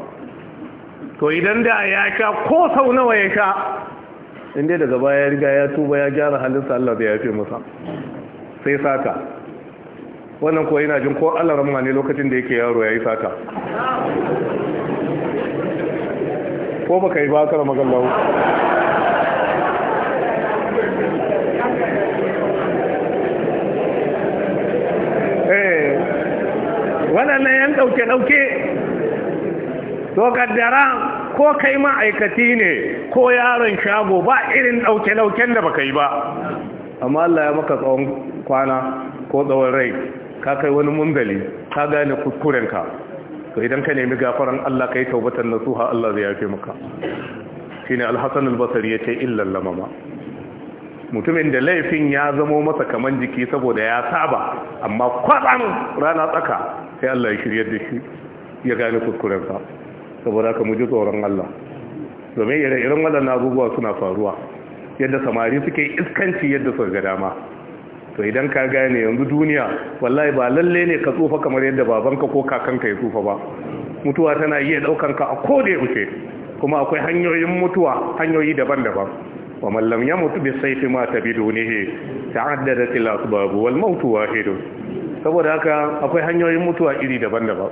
A: to idan da ya sha ko sau nawa ya sha inda daga baya ya riga ya tuba ya gyara halinsa Allah ya yafe masa sai sata wannan kuwa yana jin ko Allah ramma ne lokacin da yake yaro ya yi sata ko baka yi ba kar magallahu eh, waɗannan yan ɗauke-ɗauke to kaddara ko kai ma'aikaci ne ko yaron shago ba irin ɗauke-ɗauken da baka yi ba amma Allah ya maka tsawon kwana ko tsawon rai ka kai wani munzali ka gane kuskurenka to idan ka nemi gafaran Allah kai taubatan suha Allah zai yafe maka shine al-Hasan al-Basri yace illa lamama mutumin da laifin ya zamo masa kaman jiki saboda ya saba amma kwatsam rana tsaka sai Allah ya shirya da shi ya gane kuskurensa saboda ka muji tsoron Allah domin ire-iren waɗannan abubuwa suna faruwa yadda samari suke iskanci yadda suka ga dama to idan ka gane yanzu duniya wallahi ba lalle ne ka tsufa kamar yadda babanka ko kakanka ya tsufa ba mutuwa tana iya ɗaukan ka a koda yaushe kuma akwai hanyoyin mutuwa hanyoyi daban-daban wa mallam ya mutu bi sayfi ma tabidunihi ta'addadat al asbab wal maut wahid saboda haka akwai hanyoyin mutuwa iri daban-daban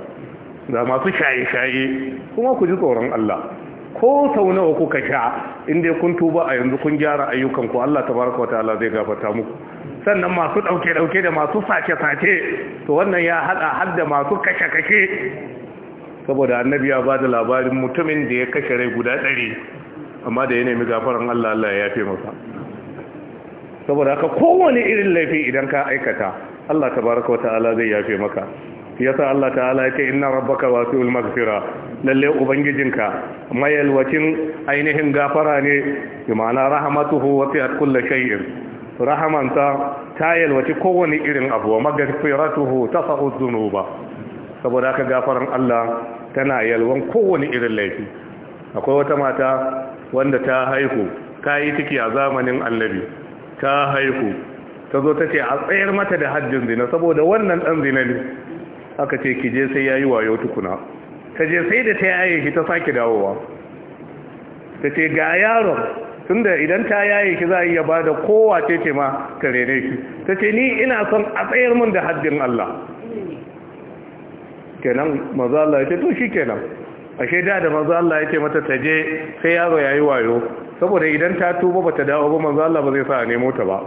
A: Da masu shaye-shaye kuma ku ji tsoron Allah ko sau nawa kuka sha inda kun tuba a yanzu kun gyara ayyukanku Allah tabaraka wataala zai gafarta muku sannan masu ɗauke dauke da masu sace-sace to wannan ya hada hadda masu kashe-kashe saboda annabi ya da labarin mutumin da ya kashe rai guda ɗari amma da ya nemi gafaran Allah Allah ya yafe masa saboda haka kowane irin laifi idan ka aikata Allah tabaraka wataala zai yafe maka yasa Allah ta'ala ya ce inna rabbaka wasi'ul maghfira lalle ubangijinka mayalwacin ainihin gafara ne bi ma'ana rahmatuhu wasi'at kulli shay'in rahamanta ta yalwaci kowane irin abu wa maghfiratuhu tasahhu dhunuba saboda haka gafaran Allah tana yalwan kowane irin laifi akwai wata mata wanda ta haihu ta yi ciki a zamanin annabi ta haihu ta zo ta ce a tsayar mata da hajjin zina saboda wannan ɗan zina ne aka ce ki je sai yayi wayo tukuna ta je sai da ta yaye ki ta sake dawowa ta ce ga yaron da idan ta yaye ki za a iya bada kowa ce ce ma ta rene ki ta ce ni ina son a tsayar min da haddin Allah kenan maza Allah ya ce to shi kenan ashe da da maza Allah ya ce mata ta je sai yaro yayi wayo saboda idan ta tuba ba ta dawo ba manzo Allah ba zai sa a nemo ta ba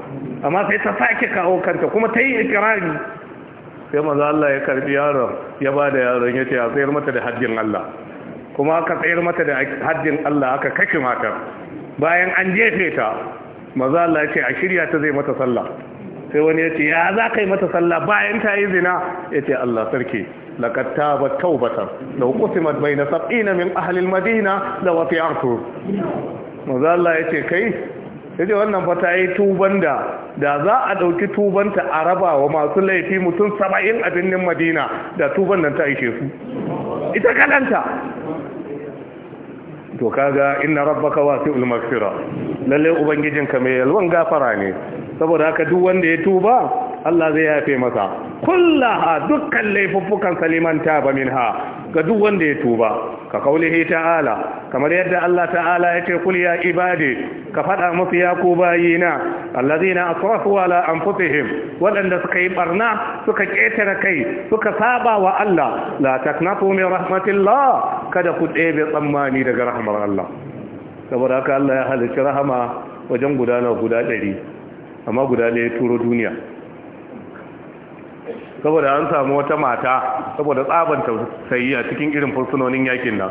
A: amma sai ta sake kawo kanta kuma ta yi ikirari sai maza Allah ya karbi yaron ya ba da yaron ya ce a tsayar mata da haddin Allah kuma aka tsayar mata da haddin Allah aka kashe matar bayan an jefe ta maza Allah ya ce a shirya ta zai mata sallah sai wani ya ce ya za ka yi mata sallah bayan ta yi zina ya ce Allah sarki laƙad ba taubatan da hukusimat bai na sab'ina min ahalil madina da wafi artur maza Allah ya ce kai ce wannan fa ta yi tuban da da za a ɗauki tubanta a raba wa masu laifi mutum saba'in a birnin Madina da tuban nan ta ishe su ita kananta to kaga inna rabbaka wasi'ul maghfira lalle ubangijinka mai yalwan gafara ne saboda haka duk wanda ya tuba Allah zai yafe masa kullaha dukkan laifuffukan saliman ba minha ga duk wanda ya tuba ka kaulihi ta'ala kamar yadda Allah ta'ala ya ce kul ya ibade ka fada musu ya ku bayina allazina asrafu ala anfusihim wadanda suka yi barna suka ketare kai suka saba wa Allah la taknatu min rahmatillah kada ku ɗebe tsammani daga rahmar Allah saboda haka Allah ya halicci rahama wajen guda nawa guda ɗari amma guda ya turo duniya saboda an samu wata mata saboda tsaban tausayi a cikin irin fursunonin yakin nan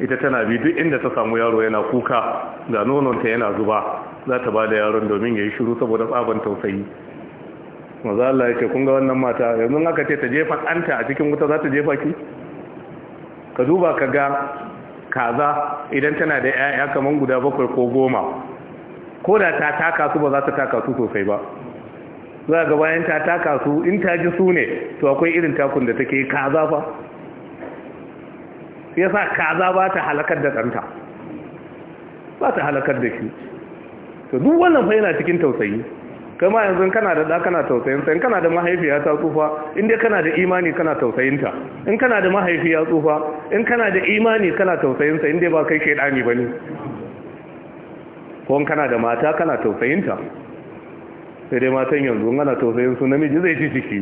A: ita tana bi duk inda ta samu yaro yana kuka ga nononta yana zuba za ta ba da yaron domin ya yi shiru saboda tsaban tausayi maza Allah ya ce kun ga wannan mata yanzu aka ce ta jefa ɗanta a cikin wuta za ta jefa ki ka duba ka ga kaza idan tana da 'ya'ya kamar guda bakwai ko goma ko da ta taka su ba za ta taka su sosai ba za ga bayan ta taka su in ta ji su ne to akwai irin takun da take kaza fa ya sa kaza ba ta halakar da ɗanta ba ta halakar da shi to duk wannan fa yana cikin tausayi kama yanzu kana da ɗa kana tausayinsa in kana da mahaifiya ta tsufa in dai kana da imani kana tausayinta in kana da mahaifiya tsufa in kana da imani kana tausayinsa in dai ba kai shaidani ba ne ko kana da mata kana tausayinta sai dai matan yanzu ana tausayin su namiji zai ci ciki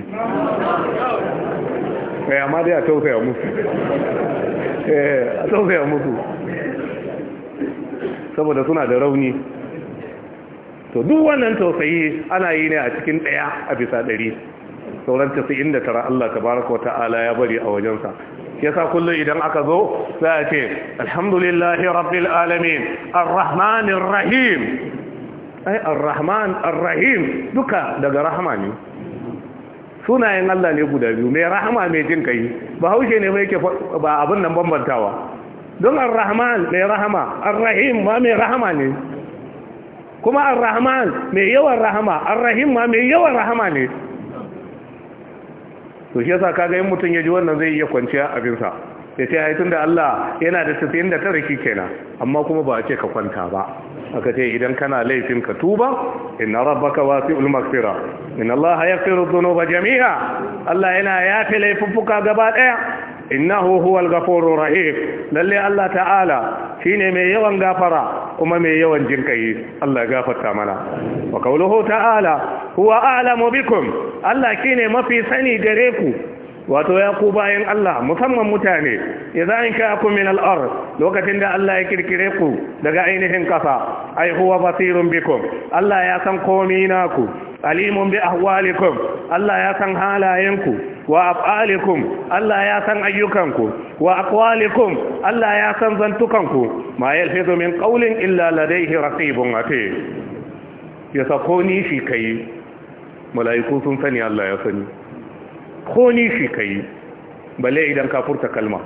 C: kai eh, amma dai a tausaya musu
A: eh, a tausaya musu saboda suna da rauni to duk wannan tausayi ana yi ne a cikin ɗaya a bisa ɗari sauran da tara Allah tabaraka wata'ala ya bari a wajensa yasa kullum idan aka zo za a ce alhamdulillahi rabbil alamin arrahmanir rahim ai ar-rahman ar-rahim duka daga rahama ne sunayen Allah ne guda biyu mai rahama mai jin kai ba haushe ne mai yake ba abin nan bambantawa don ar-rahman mai rahama ar-rahim ma mai rahama ne kuma ar-rahman mai yawan rahama ar-rahim ma mai yawan rahama ne to shi yasa kaga in mutum ya ji wannan zai iya kwanciya abinsa ya ce ai tunda Allah yana da 99 kenan amma kuma ba a ce ka kwanta ba aka ce idan kana laifin ka tuba inna rabbaka wasi'ul maghfira inna allaha yaghfiru dhunuba jami'a Allah yana yafi laifuffuka gaba daya innahu huwal ghafurur rahim lalle Allah ta'ala shine mai yawan gafara kuma mai yawan jinkai Allah gafarta mana wa qawluhu ta'ala huwa a'lamu bikum Allah kine mafi sani gare ku wato ya ku bayan Allah musamman mutane ya za in kaya min al'ar lokacin da Allah ya kirkire ku daga ainihin ƙasa ai huwa basirun bikum Allah ya san komi naku alimun bi ahwalikum Allah ya san halayenku wa af'alikum Allah ya san ayyukanku wa aqwalikum Allah ya san zantukanku ma yalfizu min qawlin illa ladayhi raqibun atid ya sako ni shi kai mala'iku sun sani Allah ya sani ko nishi ka yi balle idan ka furta kalma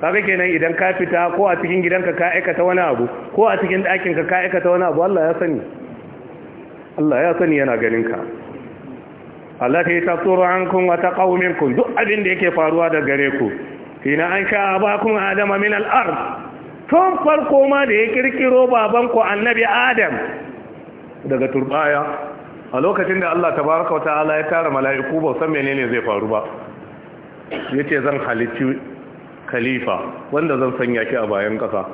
A: kaga kenan idan ka fita ko a cikin gidanka ka aikata wani abu ko a cikin ɗakinka ka aikata wani abu Allah ya sani Allah ya sani yana ganinka Allah ta yi tasoro an kun wata kun duk abin da yake faruwa da gare ku Ina an sha ba kun adama min al'ar tun farko ma da ya kirkiro babanku annabi adam daga turbaya a lokacin da Allah tabaraka wata'ala ya tara mala'iku ba san menene zai faru ba yace zan halicci khalifa wanda zan sanya shi a bayan kasa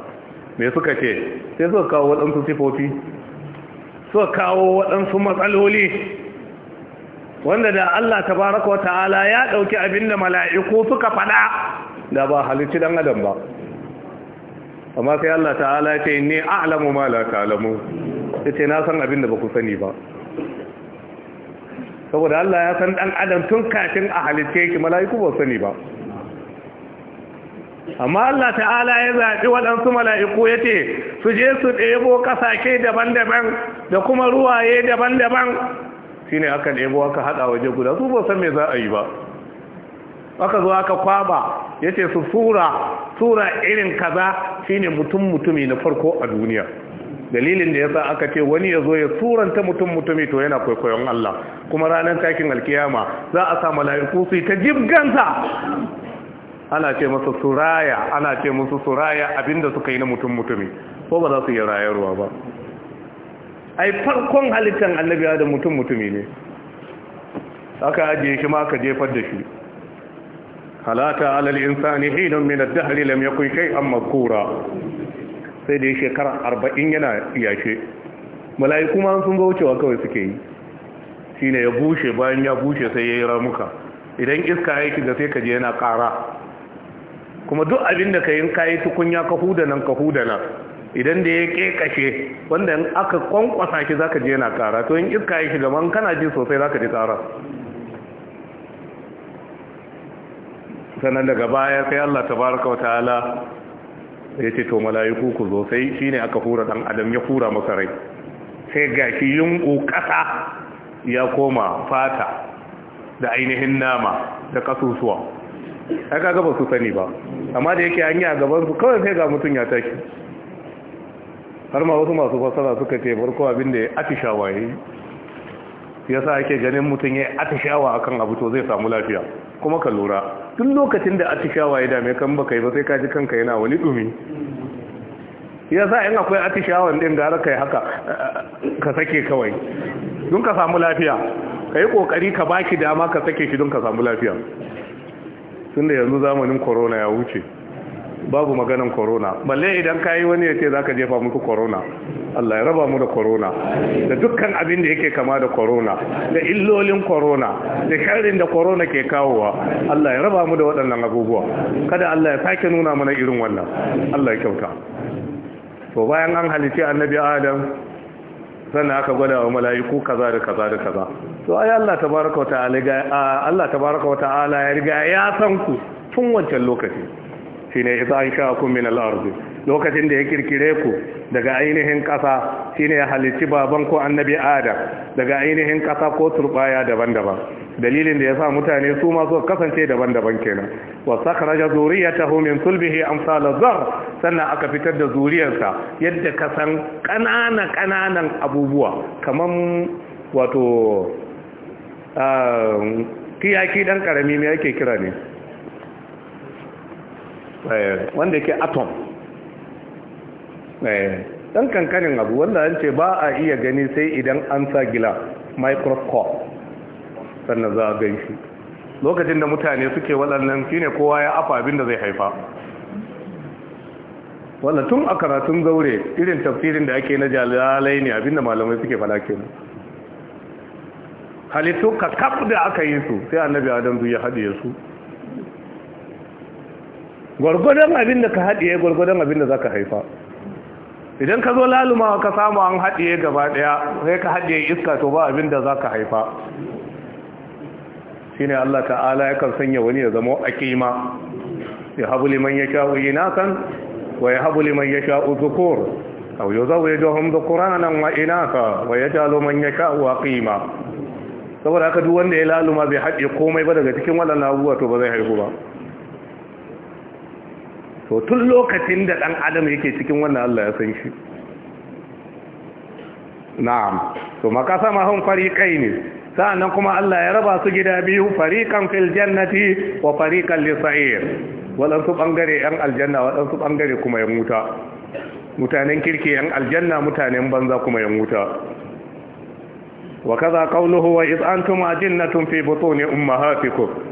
A: me suka ce sai suka kawo waɗansu sifofi suka kawo waɗansu matsaloli wanda da Allah tabaraka wata'ala ya ɗauki abinda mala'iku suka faɗa da ba halicci dan adam ba amma sai Allah ta'ala ya ce inni a'lamu ma la ta'lamu yace na san abinda ba ku sani ba saboda Allah ya san dan adam tun kafin a halitta yake mala'iku ba sani ba amma Allah ta'ala ya zaɓi waɗansu mala'iku ya ce su je su ɗebo ƙasashe daban-daban da kuma ruwaye daban-daban shi ne aka ɗebo aka haɗa waje guda su ba san me za a yi ba aka zo aka kwaba ya ce su sura sura irin kaza shi ne mutum-mutumi na farko a duniya dalilin da yasa aka ce wani ya zo ya suranta mutum mutumi to yana kwaikwayon Allah kuma ranar takin alkiyama za a sa mala'iku su ta jibganta. ana ce masa suraya ana ce musu suraya abinda suka yi na mutum mutumi ko ba za su yi rayarwa ba ai farkon halittar annabi da mutum mutumi ne aka ajiye shi ma aka jefar da shi halata alal insani hinun min ad-dahr lam yakun shay'an mazkura sai da ya shekara arba'in yana yashe mala'iku ma sun ga wucewa kawai suke yi shi ne ya bushe bayan ya bushe sai ya yi ramuka idan iska ya shiga sai kaji yana ƙara kuma duk abin da ka yi kayi tukunya ka huda nan ka huda nan idan da ya kekashe wanda in aka kwankwasa shi zaka je yana kara. to in iska ya shiga man kana ji sosai zaka ji kara sannan daga baya sai Allah tabaraka wa ta'ala ya ce to malayuku ku zo sai shi ne aka hura ɗan adam ya hura masa rai sai ga shi yunƙu ƙasa ya koma fata da ainihin nama da ƙasusuwa aka gaba su sani ba amma da yake hanya gaban su kawai sai ga mutum ya tashi har ma wasu masu fasara suka ce farko abin da ya ake shawaye. yasa ake ganin mutum ya atishawa akan abu to zai samu lafiya kuma ka lura duk lokacin da atishawa ya dame kan baka yi ba sai ka ji kanka yana wani dumi yasa in akwai atishawan din gara kai haka ka sake kawai don ka samu lafiya ka yi kokari ka baki dama ka sake shi don ka samu lafiya tunda yanzu zamanin corona ya wuce babu maganan korona. balle idan kayi wani ya ce za ka jefa muku korona. Allah ya raba mu da corona da dukkan abin da yake kama da korona. da illolin korona. da sharrin da corona ke kawowa Allah ya raba mu da waɗannan abubuwa kada Allah ya sake nuna mana irin wannan Allah ya kyauta to bayan an halice annabi Adam sannan aka gwada wa mala'iku kaza da kaza da kaza to ai Allah tabaraka wa ta'ala Allah tabaraka wa ta'ala ya riga ya san ku tun wancan lokaci shine sha ansha'akum min al lokacin da ya kirkire ku daga ainihin kasa shine ya halicci baban ko annabi adam daga ainihin kasa ko turbaya daban-daban dalilin da ya sa mutane su ma su kasance daban-daban kenan wa sakhraja zuriyatahu min sulbihi amsal zar sannan aka fitar da zuriyarsa yadda ka san kanana kananan abubuwa kaman wato ah, kiyaki dan karami me yake kira ne Eh, wanda yake atom ɗan eh, kankanin abu wanda an ce ba a iya gani sai idan an sa gila microscope sannan za a gan shi lokacin da mutane suke waɗannan shine kowa ya afa abin da zai haifa wanda tun a karatun zaure irin tafsirin da ake na jalalai ne abinda malamai suke fada nan halittu ka kaf da aka yi su sai annabi adam ya haɗe su gwargwadon abin da ka haɗiye gwargwadon abin da za ka haifa idan ka zo lalumawa ka samu an haɗiye gaba ɗaya sai ka haɗiye iska to ba abin da za ka haifa shi ne Allah ta'ala ya kan sanya wani ya zama a ƙima ya habu liman ya sha'u kan? wa ya habu liman ya sha'u zukur au yau zau ya johon zukuranan wa ka? wa ya jalo man ya sha'u a ƙima saboda haka duk wanda ya laluma bai haɗe komai ba daga cikin waɗannan abubuwa to ba zai haihu ba to tun lokacin da ɗan adam yake cikin wannan Allah ya san shi na'am to makasa hun fariƙai ne sa'annan kuma Allah ya raba su gida biyu fariƙan fil jannati wa fariƙan walan su ɓangare 'yan aljanna su ɓangare kuma yan wuta mutanen kirki 'yan aljanna mutanen banza kuma yan wuta wa kaza qawluhu wa iz antum ajinnatun fi butuni ummahatikum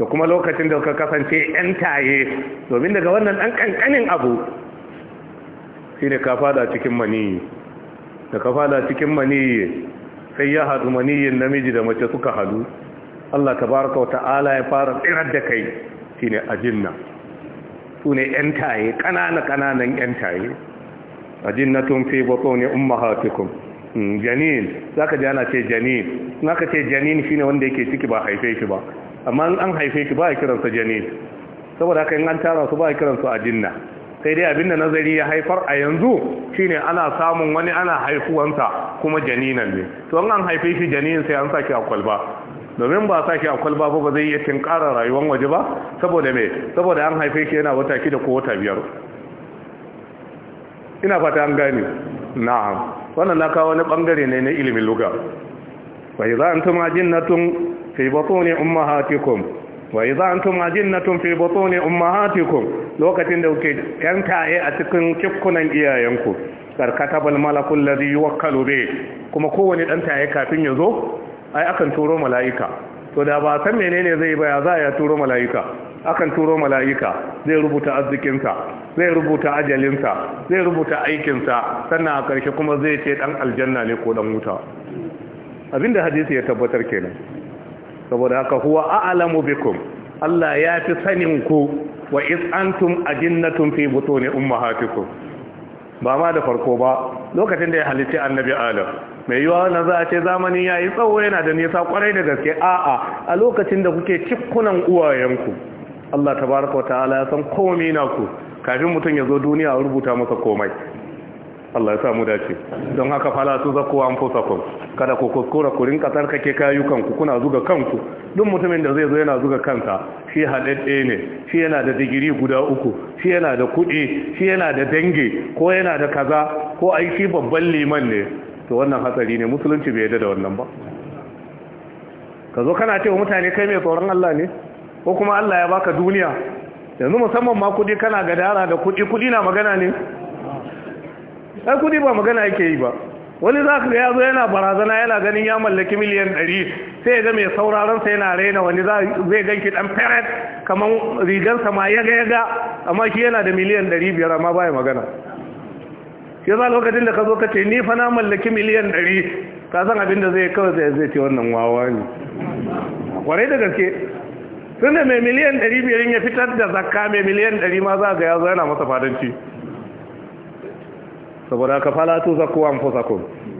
A: da kuma lokacin da ka kasance 'yan taye domin daga wannan ɗan ƙanƙanin abu shi ne ka fada cikin maniyi da ka fada cikin maniyi sai ya haɗu maniyin namiji da mace suka haɗu Allah ta baraka wa ta'ala ya fara tsirar da kai shi ne jinna su ne 'yan taye ƙanana-ƙananan 'yan taye tun fi umma ummahatikum hmm, janin za ji ana ce janin ka ce janin shine wanda yake ciki ba haife shi ba amma an haife ki ba a kiransa janin saboda haka in an tara su ba a kiransu jinna sai dai abinda nazari ya haifar a yanzu shine ana samun wani ana haifuwansa kuma janinan ne to an haife shi janin sai an saki a kwalba domin ba sa shi a kwalba ba ba zai iya tinkara rayuwar waje ba saboda me saboda an haife shi yana wata da ko wata biyar ina fata an gane na'am wannan na kawo wani bangare ne na ilimin luga fa idza antum ajinnatun fi batuni ummahatikum wa idza antum ajinnatun fi batuni ummahatikum lokacin da kuke yankaye a cikin kifkunan iyayenku karkatabal malakul ladhi yuwakkalu bi kuma kowane dan taye kafin ya zo ai akan turo mala'ika to da ba menene zai baya za ya turo mala'ika akan turo mala'ika zai rubuta arzikinsa zai rubuta ajalinsa zai rubuta aikinsa sannan a ƙarshe kuma zai ce ɗan aljanna ne ko ɗan wuta Abin da hadisi ya tabbatar kenan saboda haka huwa a'lamu bikum Allah ya fi sanin ku wa iz antum ajinnatun fi butuni ummahatikum ba ma da farko ba lokacin da ya halitta annabi adam mai yiwa na za a ce zamani yayi tsawo yana da nisa kwarai da gaske a'a a lokacin da kuke cikkunan uwayenku Allah tabaraka wa ta'ala ya san komai na ku kafin mutum ya zo duniya a rubuta masa komai Allah ya sa mu dace don haka fala su zaku an fusakun kada ku kuskura ku rinka kayukan ku kuna zuga kanku duk mutumin da zai zo yana zuga kansa shi haɗaɗɗe ne shi yana da digiri guda uku shi yana da kuɗi shi yana da dange ko yana da kaza ko ai shi babban liman ne to wannan hatsari ne musulunci bai yarda da wannan ba ka zo kana cewa mutane kai mai tsoron Allah ne ko kuma Allah ya baka duniya yanzu musamman ma kuɗi kana gadara da kuɗi kuɗi na magana ne ai kudi ba magana ake yi ba wani za ka ya zo yana barazana yana ganin ya mallaki miliyan ɗari sai ya ga mai sa yana raina wani zai ganki ɗan feret kamar sa ma yaga yaga amma shi yana da miliyan ɗari biyar amma baya magana shi za lokacin da ka zo ka ce ni fa na mallaki miliyan ɗari ka san abin da zai kawai sai zai ce wannan wawa ne kware da gaske tun da mai miliyan ɗari biyar ya fitar da zakka mai miliyan ɗari ma za ga ya zo yana masa fadanci saboda ka fala tu zakku ku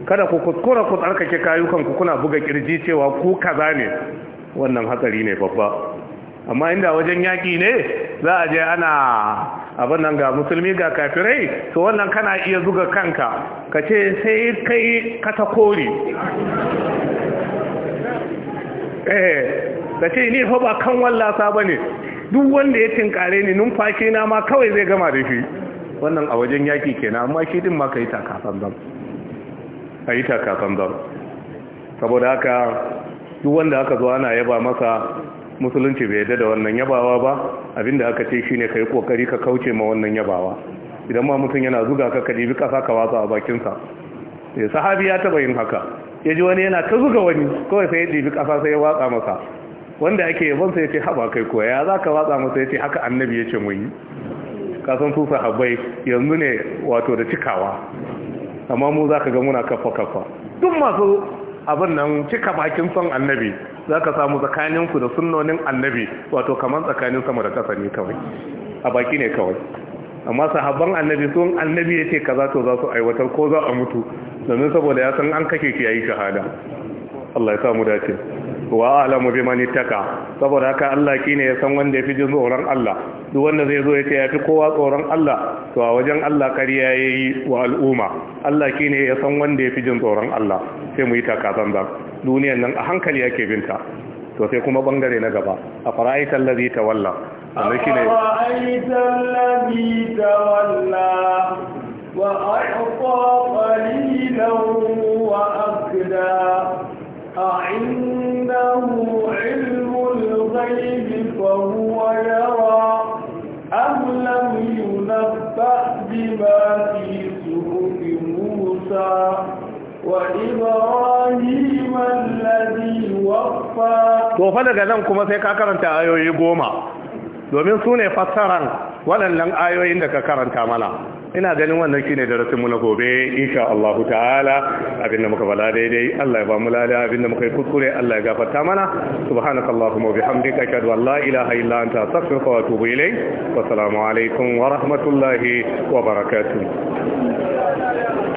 A: kada ku kuskura ku tsarkake kayukan kuna buga kirji cewa ku kaza ne wannan hatsari ne babba amma inda wajen yaki ne za a je ana abin nan ga musulmi ga kafirai to wannan kana iya zuga kanka ka ce sai kai kore eh ka ce ni fa ba kan wallasa bane duk wanda ya tinkare ni numfashi na ma kawai zai gama da shi wannan a wajen ke kenan amma shi din ma ka yi takafan zan a yi takafan zan saboda haka duk wanda aka zo ana yaba masa musulunci bai yadda da wannan yabawa ba abinda aka ce shine kai kokari ka kauce ma wannan yabawa idan ma mutum yana zuga ka ka dibi kasa ka watsa a bakinsa sai eh, sahabi ya taba yin haka ya ji wani yana ta zuga wani kawai sai ya dibi kasa sai ya watsa masa wanda ake yabon sai ya ce haba kai koya ya za ka watsa masa ya ce haka annabi ya ce mu yi kasan su sahabai yanzu ne wato da cikawa amma mu za ka ga muna kafa-kafa duk masu abin nan cika bakin son annabi za ka samu tsakaninku da sunonin annabi wato kamar tsakanin sama da kasani ne kawai a baki ne kawai amma sahabban annabi sun annabi ya ce kaza to za su aiwatar ko za a mutu domin saboda ya san an kake ki yayi shahada Allah ya samu dace wa alamu bi man ittaka saboda haka Allah kine ya san wanda yafi jin tsoron Allah duk wanda zai zo ya ce yafi kowa tsoron Allah to a wajen Allah kariya yayi wa al'umma Allah kine ya san wanda yafi jin tsoron Allah sai mu yi taka zan zan duniyar nan a hankali yake binta to sai kuma bangare na gaba a fara'aita allazi tawalla amma shine
B: fara'aita allazi tawalla wa aqta qalilan wa akda أعنده علم الغيب فهو يرى أم لم ينبأ بما في موسى وإبراهيم الذي وفى
A: daga nan kuma sai ka karanta ayoyi goma domin su ne waɗannan ayoyin da ka karanta mana ina ganin wannan shine darasin mu na gobe insha Allah ta'ala abinda muka bala daidai Allah ya ba mu lada abinda muka yi kuskure Allah ya gafarta mana subhanakallahumma wa bihamdika ashhadu an la ilaha illa anta astaghfiruka wa atubu ilayk wa assalamu alaikum wa rahmatullahi wa
C: barakatuh